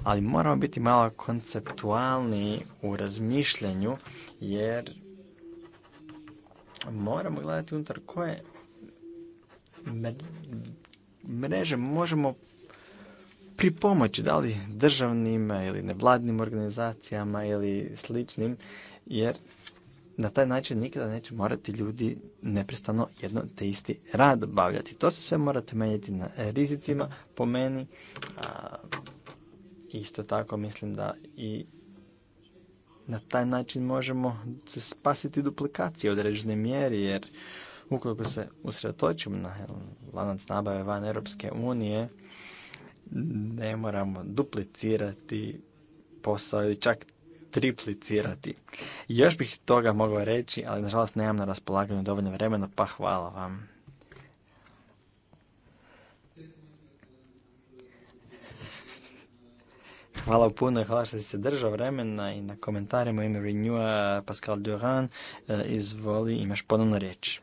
ali moramo biti malo konceptualniji u razmišljanju jer moramo gledati unutar koje mreže možemo pripomoći, da li državnim ili nevladnim organizacijama ili sličnim, jer na taj način nikada neće morati ljudi neprestano jedno te isti rad obavljati. To se sve mora temeljiti na rizicima, po meni, a, isto tako mislim da i na taj način možemo se spasiti duplikacije u određenoj mjeri, jer ukoliko se usredotočimo na lanac nabave van Europske unije, ne moramo duplicirati posao ili čak triplicirati. Još bih toga mogao reći, ali nažalost nemam na raspolaganju dovoljno vremena, pa hvala vam. Hvala puno, hvala što si se držao vremena i na komentarima u ime Renewa Pascal Duran. Eh, izvoli, imaš ponovno riječ.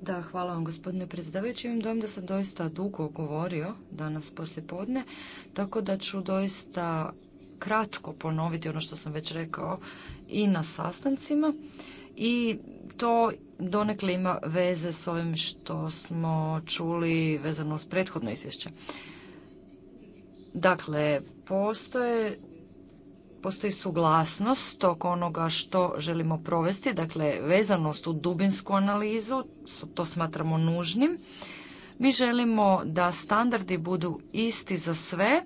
Da, hvala vam gospodine predsjedavajući. Imam dojem da sam doista dugo govorio danas poslije podne, tako da ću doista kratko ponoviti ono što sam već rekao i na sastancima i to donekle ima veze s ovim što smo čuli vezano s prethodno izvješće. Dakle, postoje postoji suglasnost tog onoga što želimo provesti, dakle vezanost u dubinsku analizu, to smatramo nužnim. Mi želimo da standardi budu isti za sve,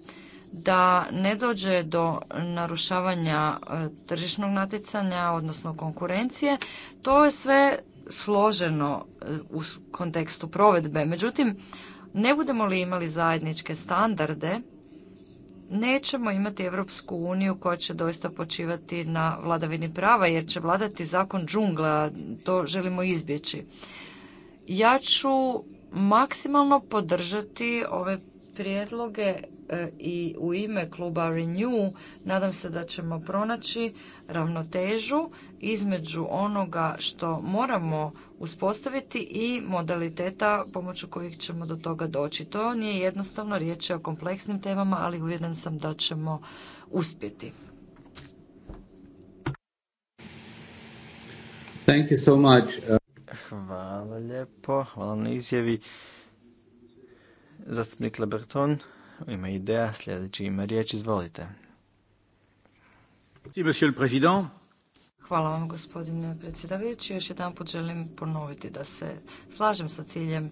da ne dođe do narušavanja e, tržišnog natjecanja, odnosno konkurencije. To je sve složeno e, u kontekstu provedbe. Međutim, ne budemo li imali zajedničke standarde, nećemo imati Evropsku uniju koja će doista počivati na vladavini prava, jer će vladati zakon džungla, to želimo izbjeći. Ja ću maksimalno podržati ove prijedloge e, i u ime kluba Renew nadam se da ćemo pronaći ravnotežu između onoga što moramo uspostaviti i modaliteta pomoću kojih ćemo do toga doći. To nije jednostavno, riječ je o kompleksnim temama, ali uvjeren sam da ćemo uspjeti. Thank you so much. Hvala lijepo, hvala na izjavi. Zastupnik Leberton ima ideja, sljedeći ima riječ, izvolite. Hvala vam gospodine predsjedavajući. Još jedan put želim ponoviti da se slažem sa ciljem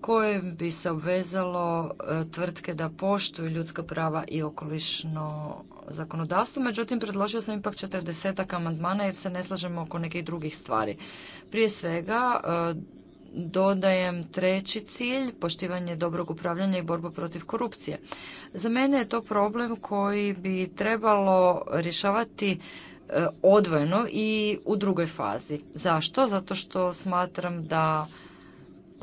koje bi se obvezalo e, tvrtke da poštuju ljudska prava i okolišno zakonodavstvo. Međutim, predložio sam ipak četrdesetak amandmana jer se ne slažemo oko nekih drugih stvari. Prije svega, e, dodajem treći cilj, poštivanje dobrog upravljanja i borba protiv korupcije. Za mene je to problem koji bi trebalo rješavati e, odvojeno i u drugoj fazi. Zašto? Zato što smatram da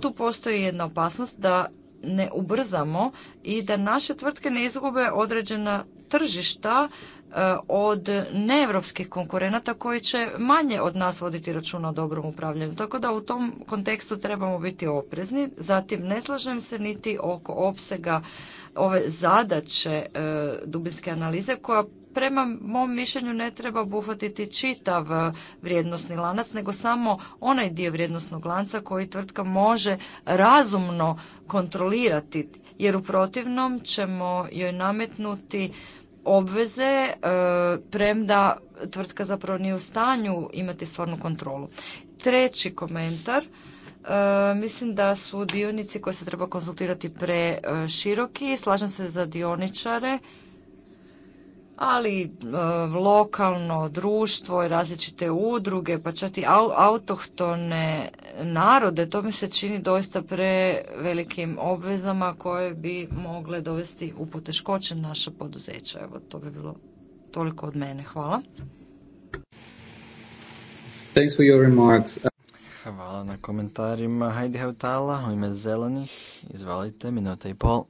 tu postoji jedna opasnost da ne ubrzamo i da naše tvrtke ne izgube određena tržišta E, od neevropskih konkurenata koji će manje od nas voditi računa o dobrom upravljanju. Tako da u tom kontekstu trebamo biti oprezni. Zatim ne slažem se niti oko opsega ove zadaće e, dubinske analize koja prema mom mišljenju ne treba obuhvatiti čitav e, vrijednosni lanac, nego samo onaj dio vrijednosnog lanca koji tvrtka može razumno kontrolirati, jer u protivnom ćemo joj nametnuti obveze e, premda tvrtka zapravo nije u stanju imati stvarnu kontrolu. Treći komentar, e, mislim da su dionici koje se treba konzultirati pre široki, slažem se za dioničare ali e, lokalno društvo i različite udruge, pa čak i autohtone narode, to mi se čini doista prevelikim obvezama koje bi mogle dovesti u poteškoće naša poduzeća. Evo, to bi bilo toliko od mene. Hvala. your remarks. Hvala na komentarima. Heidi Hautala, u ime zelenih. Izvalite, minuta i pol.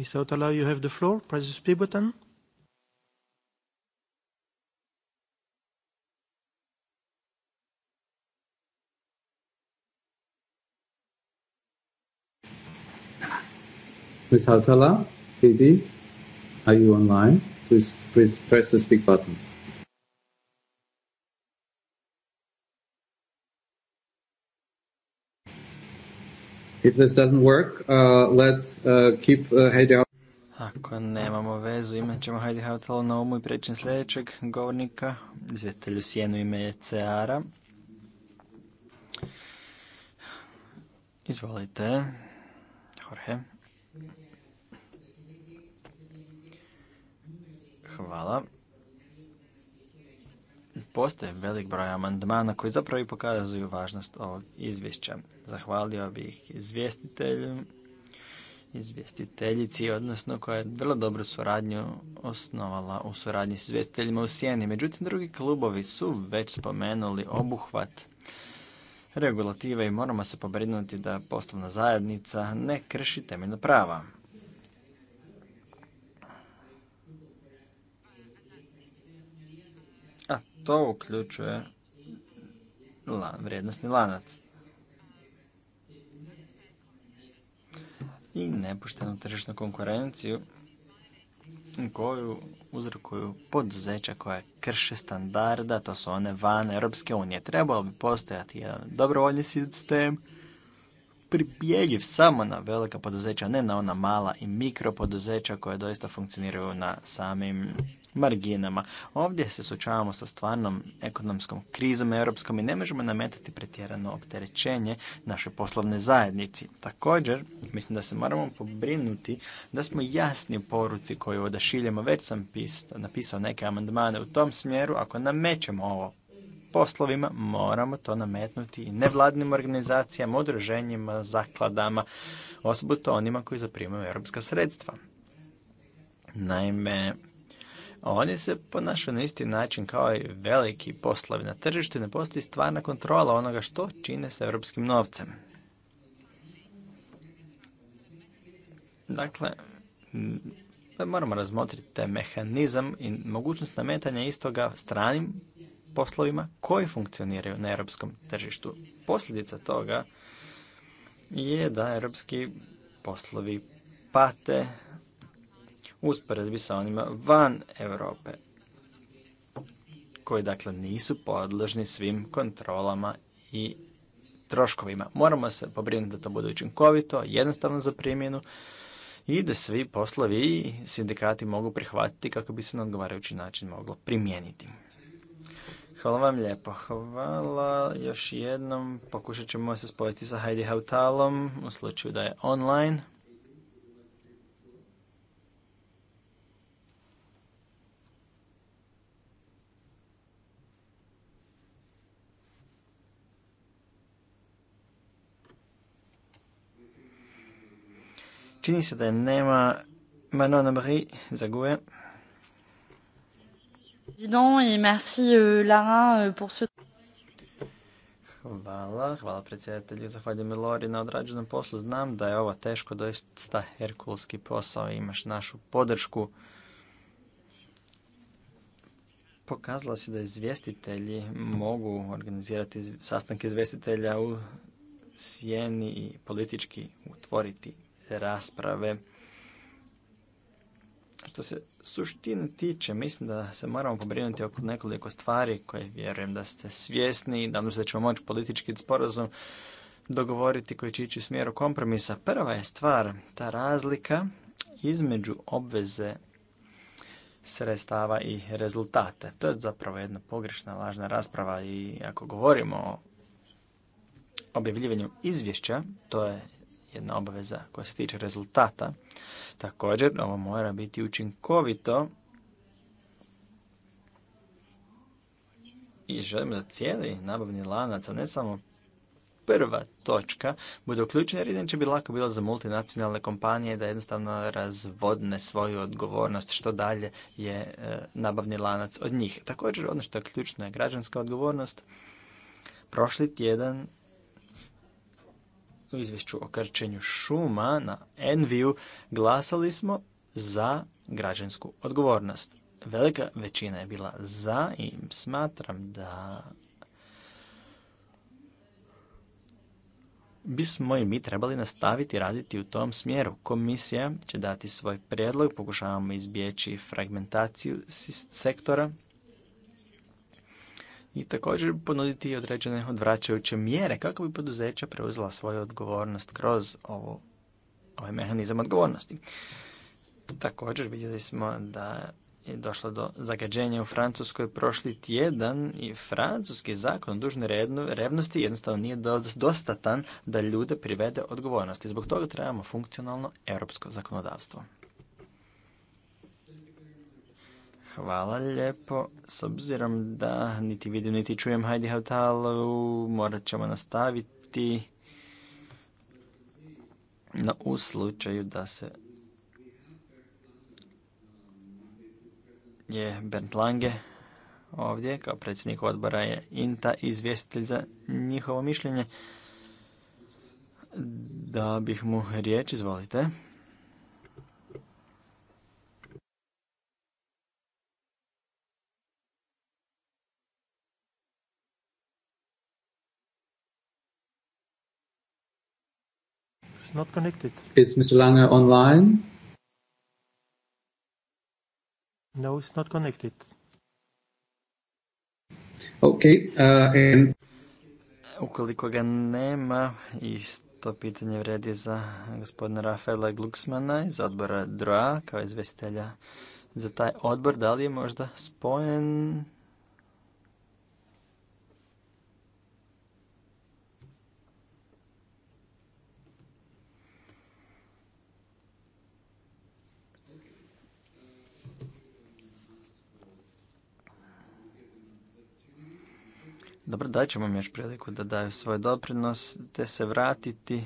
Ms. Hautala, you have the floor. Press the speak button. Ms. Hautala, PD, are you online? Please, please press the speak button. If this doesn't work, uh, let's uh, keep uh, Heidi out. Ako nemamo vezu, imat ćemo Heidi Hautala na umu i prečin sljedećeg govornika. Izvjetelju sjenu ime je Ceara. Izvolite, Jorge. Hvala postoje velik broj amandmana koji zapravo i pokazuju važnost ovog izvješća. Zahvalio bih izvjestitelju, izvjestiteljici, odnosno koja je vrlo dobru suradnju osnovala u suradnji s izvjestiteljima u Sjeni. Međutim, drugi klubovi su već spomenuli obuhvat regulative i moramo se pobrinuti da poslovna zajednica ne krši temeljno prava. To uključuje vrijednostni lanac. I nepoštenu tržišnu konkurenciju koju uzrokuju poduzeća koja krše standarda, to su one van Europske unije. Trebalo bi postojati jedan dobrovoljni sistem pripjeljiv samo na velika poduzeća, ne na ona mala i mikro poduzeća koja doista funkcioniraju na samim marginama. Ovdje se sučavamo sa stvarnom ekonomskom krizom europskom i ne možemo nametati pretjerano opterećenje našoj poslovne zajednici. Također, mislim da se moramo pobrinuti da smo jasni u poruci koju odašiljemo. Već sam pisao, napisao neke amandmane u tom smjeru. Ako namećemo ovo poslovima moramo to nametnuti i nevladnim organizacijama, udruženjima, zakladama, osobito onima koji zaprimaju europska sredstva. Naime, oni se ponašaju na isti način kao i veliki poslovi na tržištu i ne postoji stvarna kontrola onoga što čine sa europskim novcem. Dakle, moramo razmotriti taj mehanizam i mogućnost nametanja istoga stranim poslovima koji funkcioniraju na europskom tržištu. Posljedica toga je da europski poslovi pate usporedbi sa onima van Europe koji dakle nisu podložni svim kontrolama i troškovima. Moramo se pobrinuti da to bude učinkovito, jednostavno za primjenu i da svi poslovi i sindikati mogu prihvatiti kako bi se na odgovarajući način moglo primijeniti. Hvala vam lijepo. Hvala još jednom. Pokušat ćemo se spojiti sa Heidi Hautalom u slučaju da je online. Čini se da je nema Manon Amri za guje. Euh, euh, hvala, hvala predsjedatelju, zahvaljujem Lori na odrađenom poslu. Znam da je ovo teško, doista herkulski posao, imaš našu podršku. Pokazalo se da izvjestitelji mogu organizirati sastanke izvjestitelja u sjeni i politički utvoriti rasprave što se suštine tiče, mislim da se moramo pobrinuti oko nekoliko stvari koje vjerujem da ste svjesni i nadam se da ćemo moći politički sporazum dogovoriti koji će ići u smjeru kompromisa. Prva je stvar, ta razlika između obveze sredstava i rezultate. To je zapravo jedna pogrešna, lažna rasprava i ako govorimo o objavljivanju izvješća, to je jedna obaveza koja se tiče rezultata. Također, ovo mora biti učinkovito i želimo da cijeli nabavni lanac, a ne samo prva točka, bude uključena jer inače bi lako bilo za multinacionalne kompanije da jednostavno razvodne svoju odgovornost što dalje je e, nabavni lanac od njih. Također, ono što je ključno je građanska odgovornost. Prošli tjedan u izvješću o krčenju šuma na Enviju glasali smo za građansku odgovornost. Velika većina je bila za i smatram da bismo i mi trebali nastaviti raditi u tom smjeru. Komisija će dati svoj prijedlog, pokušavamo izbjeći fragmentaciju sektora i također ponuditi određene odvraćajuće mjere kako bi poduzeća preuzela svoju odgovornost kroz ovu ovaj mehanizam odgovornosti. Također vidjeli smo da je došlo do zagađenja u Francuskoj prošli tjedan i francuski zakon dužne revnosti jednostavno nije dostatan da ljude privede odgovornosti. Zbog toga trebamo funkcionalno europsko zakonodavstvo. Hvala lijepo. S obzirom da niti vidim niti čujem Heidi Hautalu, morat ćemo nastaviti. No, u slučaju da se je Bernd Lange ovdje, kao predsjednik odbora je INTA izvjestitelj za njihovo mišljenje. Da bih mu riječ, izvolite. not connected. Is Mr. Lange online? No, it's not connected. Okay, uh, and... Ukoliko ga nema, isto pitanje vredi za gospodina Rafaela Glucksmana iz odbora DROA kao izvestitelja za taj odbor. Da li je možda spojen Dobro, dat ćemo im još priliku da daju svoj doprinos, te se vratiti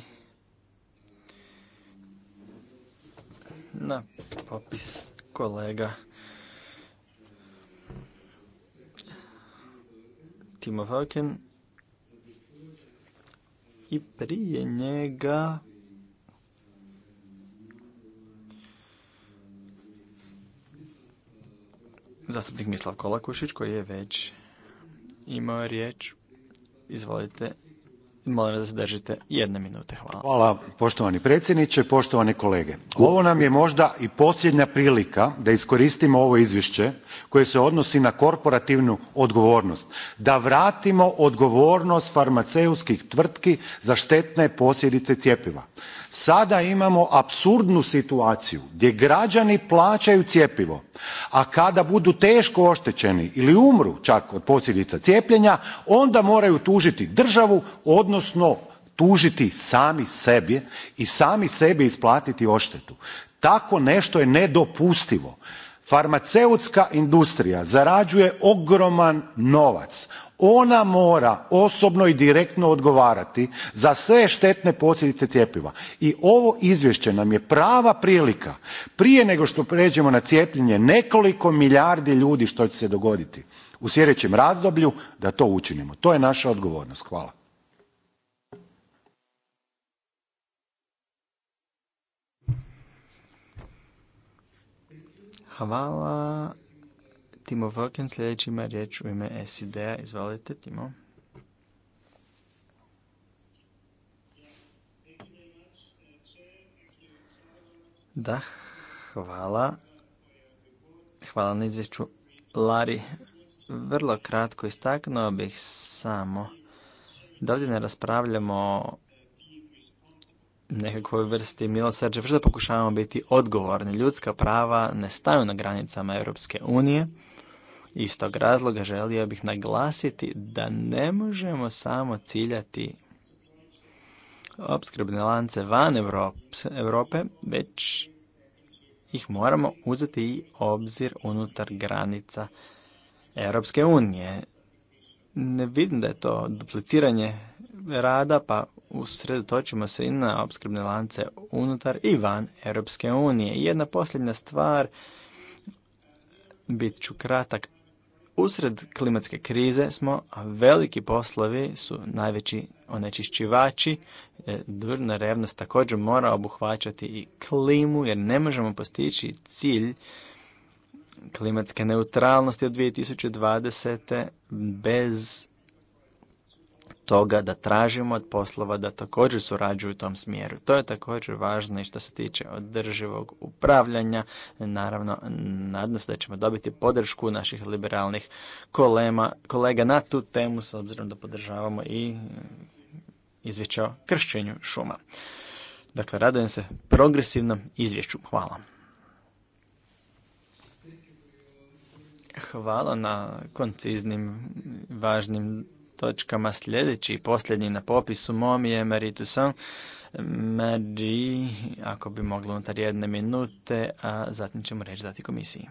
na popis kolega. Timo Falken i prije njega zastupnik Mislav Kolakušić koji je već imao riječ. Izvolite. Molim vas da držite jedne minute. Hvala. Hvala poštovani predsjedniče, poštovane kolege. Ovo nam je možda i posljednja prilika da iskoristimo ovo izvješće koje se odnosi na korporativnu odgovornost, da vratimo odgovornost farmaceutskih tvrtki za štetne posljedice cjepiva. Sada imamo apsurdnu situaciju gdje građani plaćaju cjepivo, a kada budu teško oštećeni ili umru čak od posljedica cijepljenja onda moraju tužiti državu odnosno tužiti sami sebi i sami sebi isplatiti oštetu. Tako nešto je nedopustivo. Farmaceutska industrija zarađuje ogroman novac, ona mora osobno i direktno odgovarati za sve štetne posljedice cjepiva i ovo izvješće nam je prava prilika prije nego što pređemo na cijepljenje nekoliko milijardi ljudi što će se dogoditi u sljedećem razdoblju da to učinimo. To je naša odgovornost. Hvala. Hvala. Timo Vlken sljedeći ima riječ u ime SID-a. Izvolite, Timo. Da, hvala. Hvala na izvješću. Lari, vrlo kratko istaknuo bih samo da ovdje ne raspravljamo o nekakvoj vrsti milosrđe. Vrlo pokušavamo biti odgovorni. Ljudska prava ne staju na granicama Europske unije. Iz tog razloga želio bih naglasiti da ne možemo samo ciljati opskrbne lance van Europe, već ih moramo uzeti i obzir unutar granica Europske unije. Ne vidim da je to dupliciranje rada, pa usredotočimo se i na opskrbne lance unutar i van Europske unije. I jedna posljednja stvar, bit ću kratak, Usred klimatske krize smo, a veliki poslovi su najveći onečišćivači. E, durna revnost također mora obuhvaćati i klimu, jer ne možemo postići cilj klimatske neutralnosti od 2020. bez toga da tražimo od poslova da također surađuju u tom smjeru. To je također važno i što se tiče održivog upravljanja. Naravno, nadam se da ćemo dobiti podršku naših liberalnih kolema, kolega na tu temu, s obzirom da podržavamo i izvješće o kršćenju šuma. Dakle, radujem se progresivnom izvješću. Hvala. Hvala na konciznim, važnim točkama. Sljedeći i posljednji na popisu mom je Marie Toussaint. ako bi mogla unutar jedne minute, a zatim ćemo reći dati komisiji.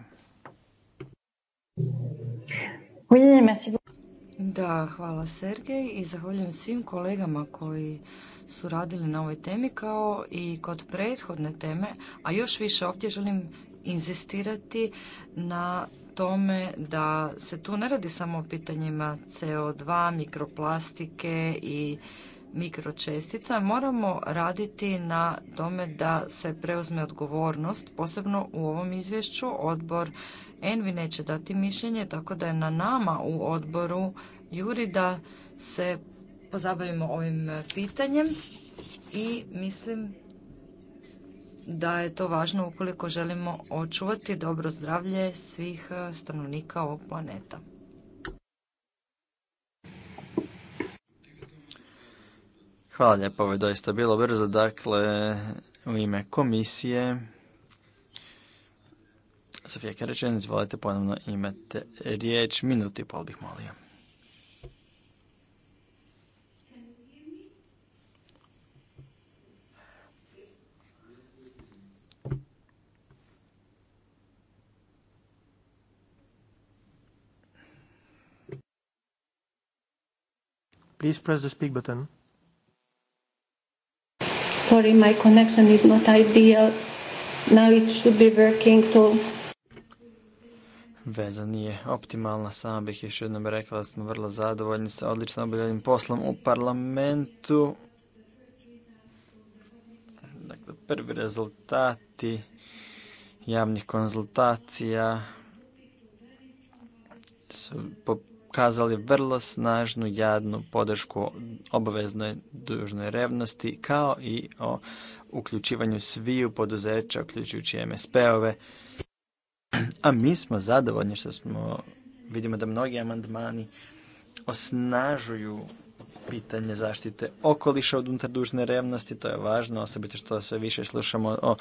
Da, hvala Sergej i zahvaljujem svim kolegama koji su radili na ovoj temi kao i kod prethodne teme, a još više ovdje želim inzistirati na tome da se tu ne radi samo o pitanjima CO2, mikroplastike i mikročestica, moramo raditi na tome da se preuzme odgovornost, posebno u ovom izvješću odbor Envi neće dati mišljenje, tako da je na nama u odboru Juri da se pozabavimo ovim pitanjem i mislim da je to važno ukoliko želimo očuvati dobro zdravlje svih e, stanovnika ovog planeta. Hvala lijepo, ovo je doista bilo brzo. Dakle, u ime komisije, Sofija Kerečen, izvolite ponovno imate riječ, minuti i pol bih molio. Please press the speak button. Sorry, my connection is not ideal. Now it should be working, so... Veza nije optimalna, sama bih još jednom rekla da smo vrlo zadovoljni sa odlično obavljenim poslom u parlamentu. Dakle, prvi rezultati javnih konzultacija su po ukazali vrlo snažnu, jadnu podršku obaveznoj dužnoj revnosti, kao i o uključivanju sviju poduzeća, uključujući MSP-ove. A mi smo zadovoljni što smo, vidimo da mnogi amandmani osnažuju pitanje zaštite okoliša od unutar dužne revnosti, to je važno, osobito što sve više slušamo o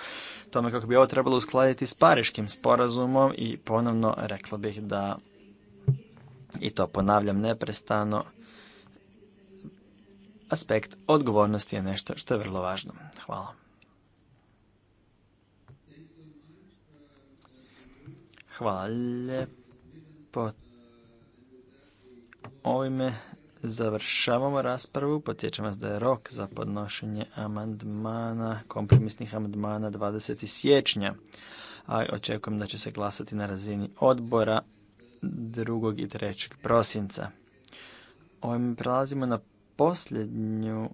tome kako bi ovo trebalo uskladiti s Pariškim sporazumom i ponovno rekla bih da i to ponavljam neprestano, aspekt odgovornosti je nešto što je vrlo važno. Hvala. Hvala lijepo. Ovime završavamo raspravu. Podsjećam vas da je rok za podnošenje amandmana, kompromisnih amandmana 20. siječnja. A očekujem da će se glasati na razini odbora 2. i 3. prosinca. Ovim prelazimo na posljednju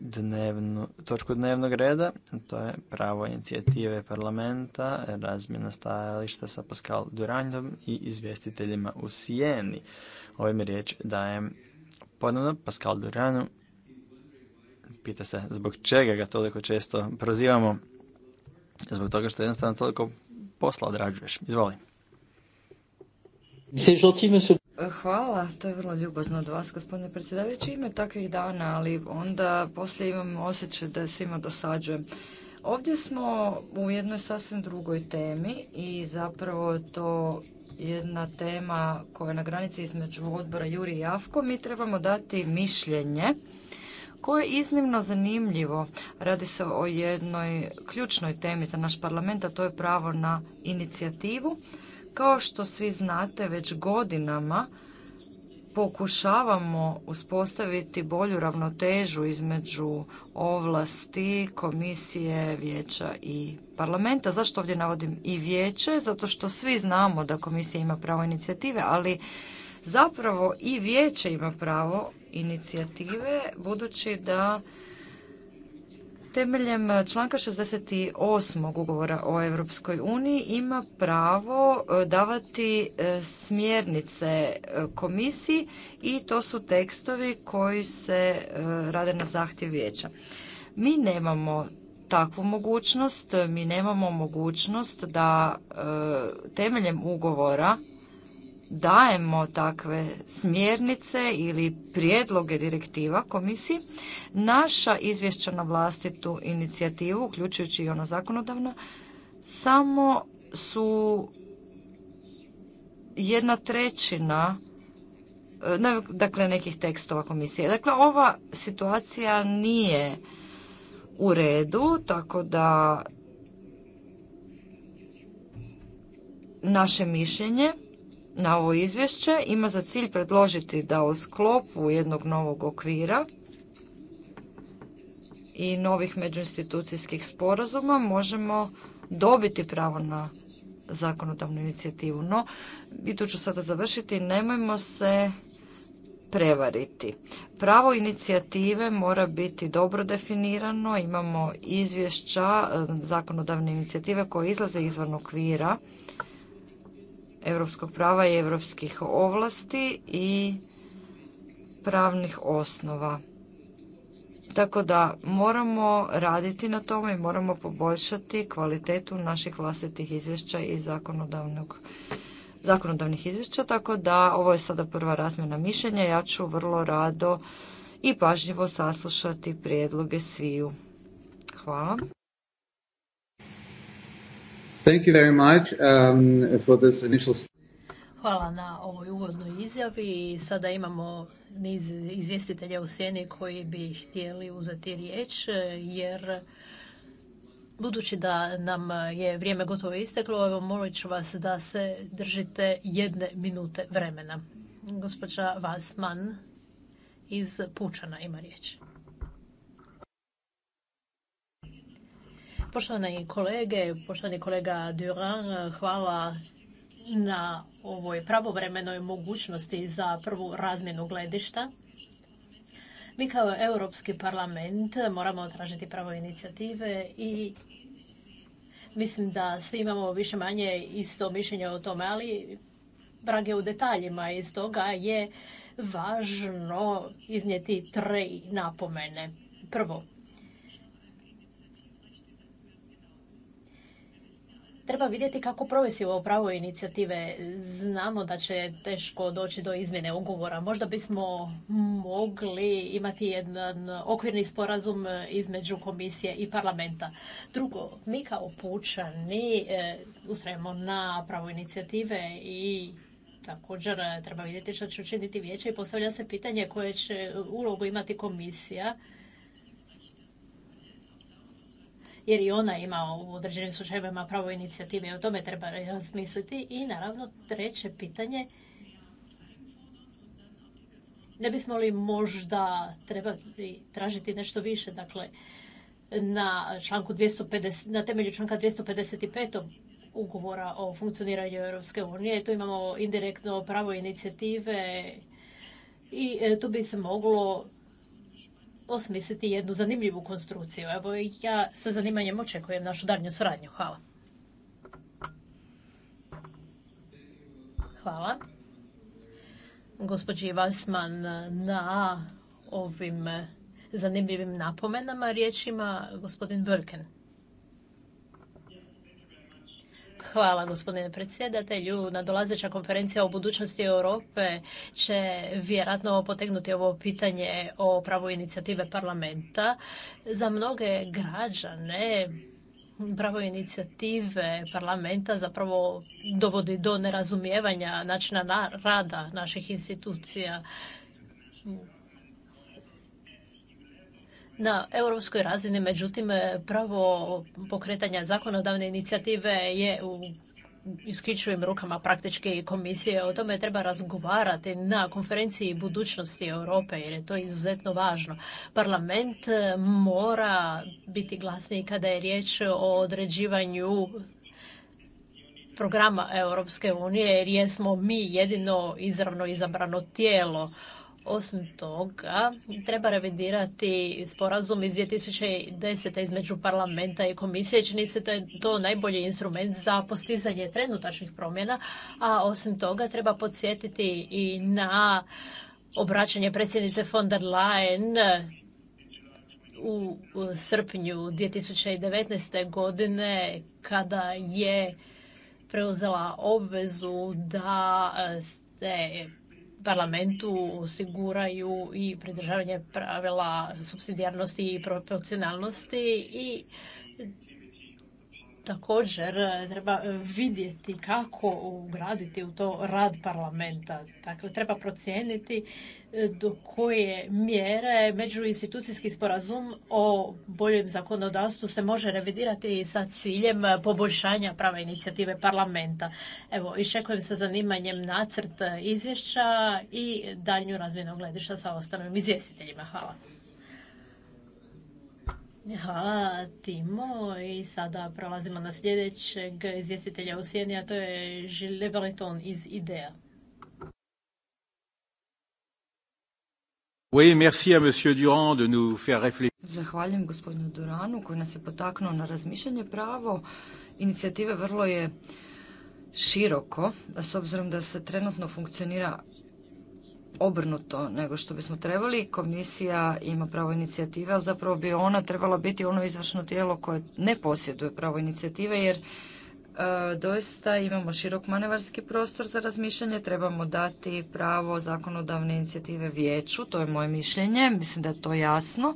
dnevnu, točku dnevnog reda, to je pravo inicijative parlamenta, razmjena stajališta sa Pascal Duranjom i izvjestiteljima u Sijeni. Ovim riječ dajem ponovno Pascal Duranu. Pita se zbog čega ga toliko često prozivamo, zbog toga što jednostavno toliko posla odrađuješ. Izvoli. Hvala, to je vrlo ljubazno od vas, gospodine predsjedavajući. Ima takvih dana, ali onda poslije imam osjećaj da svima dosađujem. Ovdje smo u jednoj sasvim drugoj temi i zapravo to jedna tema koja je na granici između odbora Juri i Javko. Mi trebamo dati mišljenje koje je iznimno zanimljivo. Radi se o jednoj ključnoj temi za naš parlament, a to je pravo na inicijativu kao što svi znate, već godinama pokušavamo uspostaviti bolju ravnotežu između ovlasti komisije, vijeća i parlamenta. Zašto ovdje navodim i vijeće? Zato što svi znamo da komisija ima pravo inicijative, ali zapravo i vijeće ima pravo inicijative budući da temeljem e, članka 68. ugovora o Europskoj uniji ima pravo e, davati e, smjernice komisiji i to su tekstovi koji se rade na zahtjev vijeća. Mi nemamo takvu mogućnost, mi nemamo mogućnost da temeljem ugovora dajemo takve smjernice ili prijedloge direktiva komisiji, naša izvješća na vlastitu inicijativu, uključujući i ona zakonodavna, samo su jedna trećina e, dakle nekih tekstova komisije. Dakle, ova situacija nije u redu, tako da naše mišljenje na ovo izvješće ima za cilj predložiti da u sklopu jednog novog okvira i novih međuinstitucijskih sporazuma možemo dobiti pravo na zakonodavnu inicijativu. No, i tu ću sada završiti, nemojmo se prevariti. Pravo inicijative mora biti dobro definirano, imamo izvješća e, zakonodavne inicijative koje izlaze izvan okvira europskog prava i europskih ovlasti i pravnih osnova. Tako da moramo raditi na tome i moramo poboljšati kvalitetu naših vlastitih izvješća i zakonodavnog zakonodavnih izvješća, tako da ovo je sada prva razmjena mišljenja. Ja ću vrlo rado i pažljivo saslušati prijedloge sviju. Hvala. Thank you very much um, for this initial... Hvala na ovoj uvodnoj izjavi. Sada imamo niz izvjestitelja u sjeni koji bi htjeli uzeti riječ, jer budući da nam je vrijeme gotovo isteklo, evo molit ću vas da se držite jedne minute vremena. Gospođa Vasman iz Pučana ima riječ. Poštovani kolege, poštovani kolega Duran, hvala na ovoj pravovremenoj mogućnosti za prvu razmjenu gledišta. Mi kao Europski parlament moramo tražiti pravo inicijative i mislim da svi imamo više manje isto mišljenje o tome, ali brag je u detaljima i stoga je važno iznijeti tri napomene. Prvo, treba vidjeti kako provesi ovo pravo inicijative. Znamo da će teško doći do izmjene ugovora. Možda bismo mogli imati jedan okvirni sporazum između komisije i parlamenta. Drugo, mi kao pučani e, ustrajemo na pravo inicijative i također e, treba vidjeti što će učiniti vijeće i postavlja se pitanje koje će ulogu imati komisija jer i ona ima u određenim slučajevima pravo inicijative i o tome treba razmisliti. I naravno treće pitanje, ne bismo li možda trebali tražiti nešto više, dakle, na, članku 250, na temelju članka 255. ugovora o funkcioniranju Europske unije. Tu imamo indirektno pravo inicijative i e, tu bi se moglo osmisliti jednu zanimljivu konstrukciju. Evo, ja sa zanimanjem očekujem našu daljnju suradnju. Hvala. Hvala. Gospođi Valsman na ovim zanimljivim napomenama riječima gospodin Vrken. Hvala gospodine predsjedatelju. Nadolazeća konferencija o budućnosti Europe će vjerojatno potegnuti ovo pitanje o pravu inicijative parlamenta. Za mnoge građane pravo inicijative parlamenta zapravo dovodi do nerazumijevanja načina rada naših institucija na europskoj razini, međutim, e, pravo pokretanja zakonodavne inicijative je u isključivim rukama praktički komisije. O tome treba razgovarati na konferenciji budućnosti Europe jer je to izuzetno važno. Parlament e, mora biti glasniji kada je riječ o određivanju programa Europske unije jer jesmo mi jedino izravno izabrano tijelo osim toga, treba revidirati sporazum iz 2010. između parlamenta i komisije. Čini se to je to najbolji instrument za postizanje trenutačnih promjena, a osim toga treba podsjetiti i na obraćanje predsjednice von der Leyen u srpnju 2019. godine kada je preuzela obvezu da se parlamentu osiguraju i pridržavanje pravila subsidijarnosti i proporcionalnosti i također e, treba vidjeti kako ugraditi u to rad parlamenta. Dakle, treba procijeniti e, do koje mjere međuinstitucijski sporazum o boljem zakonodavstvu se može revidirati sa ciljem poboljšanja prava inicijative parlamenta. Evo, iščekujem sa zanimanjem nacrt izvješća i daljnju razmjenu gledišta sa ostalim izvjestiteljima. Hvala. Hvala Timo i sada prelazimo na sljedećeg izvjestitelja u sjeni, a to je Gilles iz IDEA. Oui, merci à monsieur Durand de nous faire réfléchir. Zahvaljujem gospodinu Duranu koji nas je potaknuo na razmišljanje pravo. Inicijative vrlo je široko, s obzirom da se trenutno funkcionira obrnuto nego što bismo trebali. Komisija ima pravo inicijative, ali zapravo bi ona trebala biti ono izvršno tijelo koje ne posjeduje pravo inicijative, jer e, doista imamo širok manevarski prostor za razmišljanje, trebamo dati pravo zakonodavne inicijative vijeću, to je moje mišljenje, mislim da je to jasno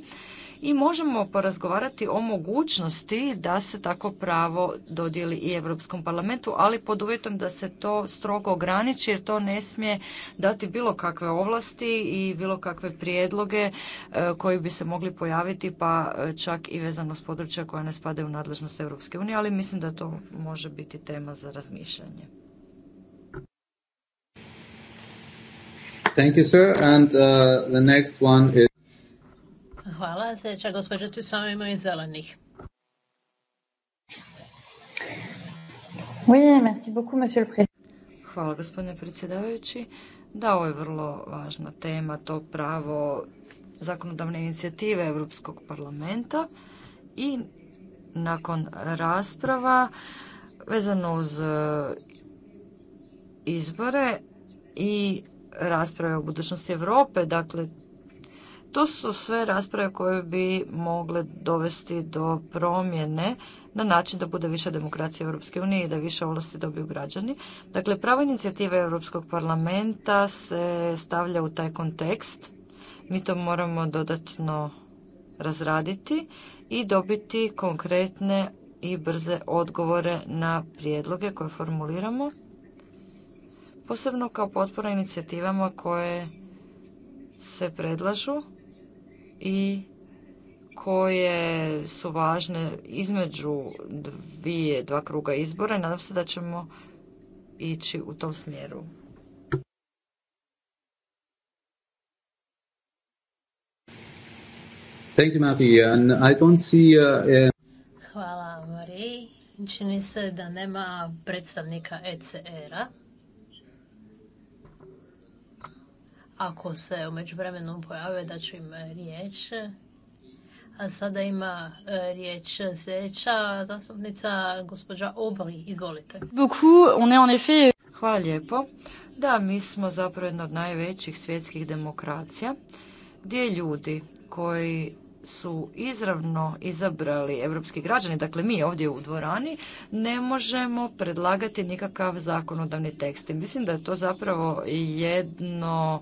i možemo porazgovarati o mogućnosti da se tako pravo dodijeli i Europskom parlamentu, ali pod uvjetom da se to strogo ograniči jer to ne smije dati bilo kakve ovlasti i bilo kakve prijedloge e, koji bi se mogli pojaviti pa e, čak i vezano s područja koja ne spadaju u nadležnost Europske unije, ali mislim da to može biti tema za razmišljanje. Thank you, sir. And uh, the next one is Hvala. Sljedeća gospođa ima iz Zelenih. Oui, merci beaucoup, Hvala, gospodine predsjedavajući. Da, ovo je vrlo važna tema, to pravo zakonodavne inicijative Europskog parlamenta i nakon rasprava vezano uz e, izbore i rasprave o budućnosti Europe, dakle to su sve rasprave koje bi mogle dovesti do promjene na način da bude više demokracije Europske unije i da više ovlasti dobiju građani. Dakle, prava inicijativa Europskog parlamenta se stavlja u taj kontekst. Mi to moramo dodatno razraditi i dobiti konkretne i brze odgovore na prijedloge koje formuliramo, posebno kao potpora inicijativama koje se predlažu i koje su važne između dvije, dva kruga izbora nadam se da ćemo ići u tom smjeru. Uh, Hvala, Marie. Čini se da nema predstavnika ECR-a. ako se u međuvremenu pojave da ću im e, riječ. A sada ima e, riječ sljedeća zastupnica gospođa Obali. Izvolite. Hvala lijepo. Da, mi smo zapravo jedna od najvećih svjetskih demokracija gdje ljudi koji su izravno izabrali europski građani, dakle mi ovdje u dvorani, ne možemo predlagati nikakav zakonodavni tekst. mislim da je to zapravo jedno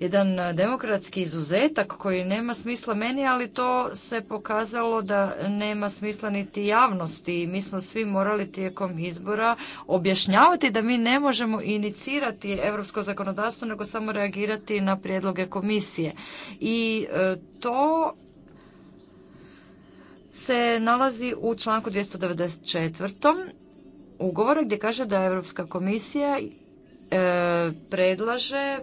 jedan demokratski izuzetak koji nema smisla meni, ali to se pokazalo da nema smisla niti javnosti. Mi smo svi morali tijekom izbora objašnjavati da mi ne možemo inicirati evropsko zakonodavstvo, nego samo reagirati na prijedloge komisije. I e, to se nalazi u članku 294. ugovora gdje kaže da Europska komisija e, predlaže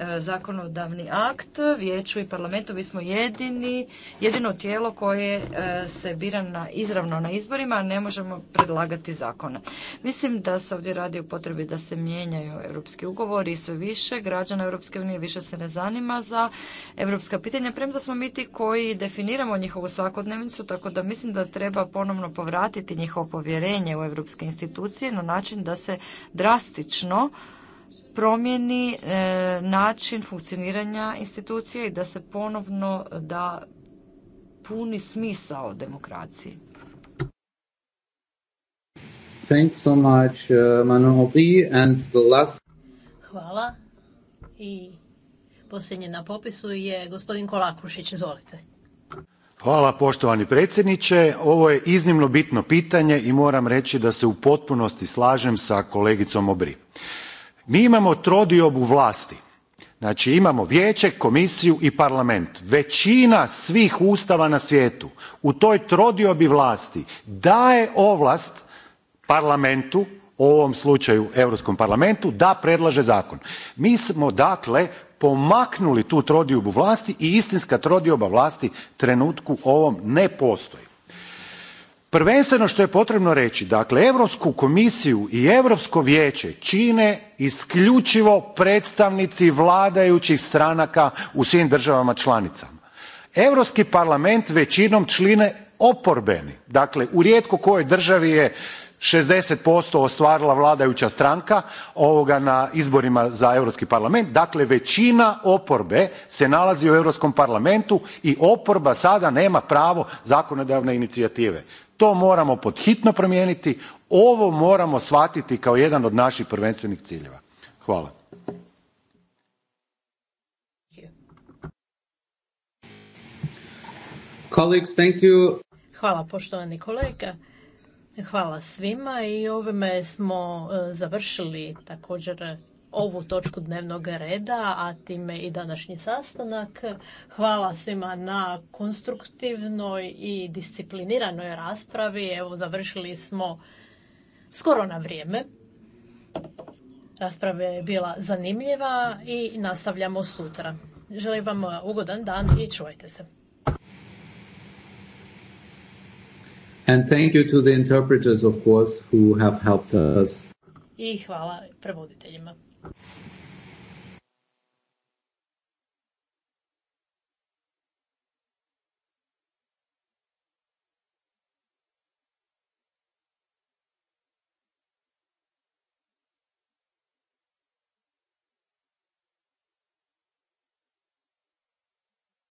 E, zakonodavni akt, vijeću i parlamentu, mi smo jedini, jedino tijelo koje e, se bira na, izravno na izborima, a ne možemo predlagati zakone. Mislim da se ovdje radi o potrebi da se mijenjaju europski ugovori i sve više. Građana Europske unije više se ne zanima za europska pitanja, premda smo mi ti koji definiramo njihovu svakodnevnicu, tako da mislim da treba ponovno povratiti njihovo povjerenje u europske institucije na način da se drastično promijeni e, način funkcioniranja institucije i da se ponovno da puni smisao demokraciji. so much, uh, Hvala. I posljednje na popisu je gospodin Kolakušić, izvolite. Hvala poštovani predsjedniče. Ovo je iznimno bitno pitanje i moram reći da se u potpunosti slažem sa kolegicom Obri mi imamo trodiobu vlasti znači imamo vijeće komisiju i parlament većina svih ustava na svijetu u toj trodiobi vlasti daje ovlast parlamentu u ovom slučaju europskom parlamentu da predlaže zakon mi smo dakle pomaknuli tu trodiobu vlasti i istinska trodioba vlasti trenutku ovom ne postoji prvenstveno što je potrebno reći dakle europsku komisiju i europsko vijeće čine isključivo predstavnici vladajućih stranaka u svim državama članicama europski parlament većinom čline oporbeni dakle u rijetko kojoj državi je 60% ostvarila vladajuća stranka ovoga na izborima za Europski parlament, dakle većina oporbe se nalazi u Europskom parlamentu i oporba sada nema pravo zakonodavne inicijative to moramo pod hitno promijeniti ovo moramo shvatiti kao jedan od naših prvenstvenih ciljeva hvala Hvala poštovani kolega. Hvala svima i ovime smo e, završili također ovu točku dnevnog reda, a time i današnji sastanak. Hvala svima na konstruktivnoj i discipliniranoj raspravi. Evo, završili smo skoro na vrijeme. Rasprava je bila zanimljiva i nastavljamo sutra. Želim vam ugodan dan i čuvajte se. And thank you to the interpreters, of course, who have helped us. I hvala prevoditeljima.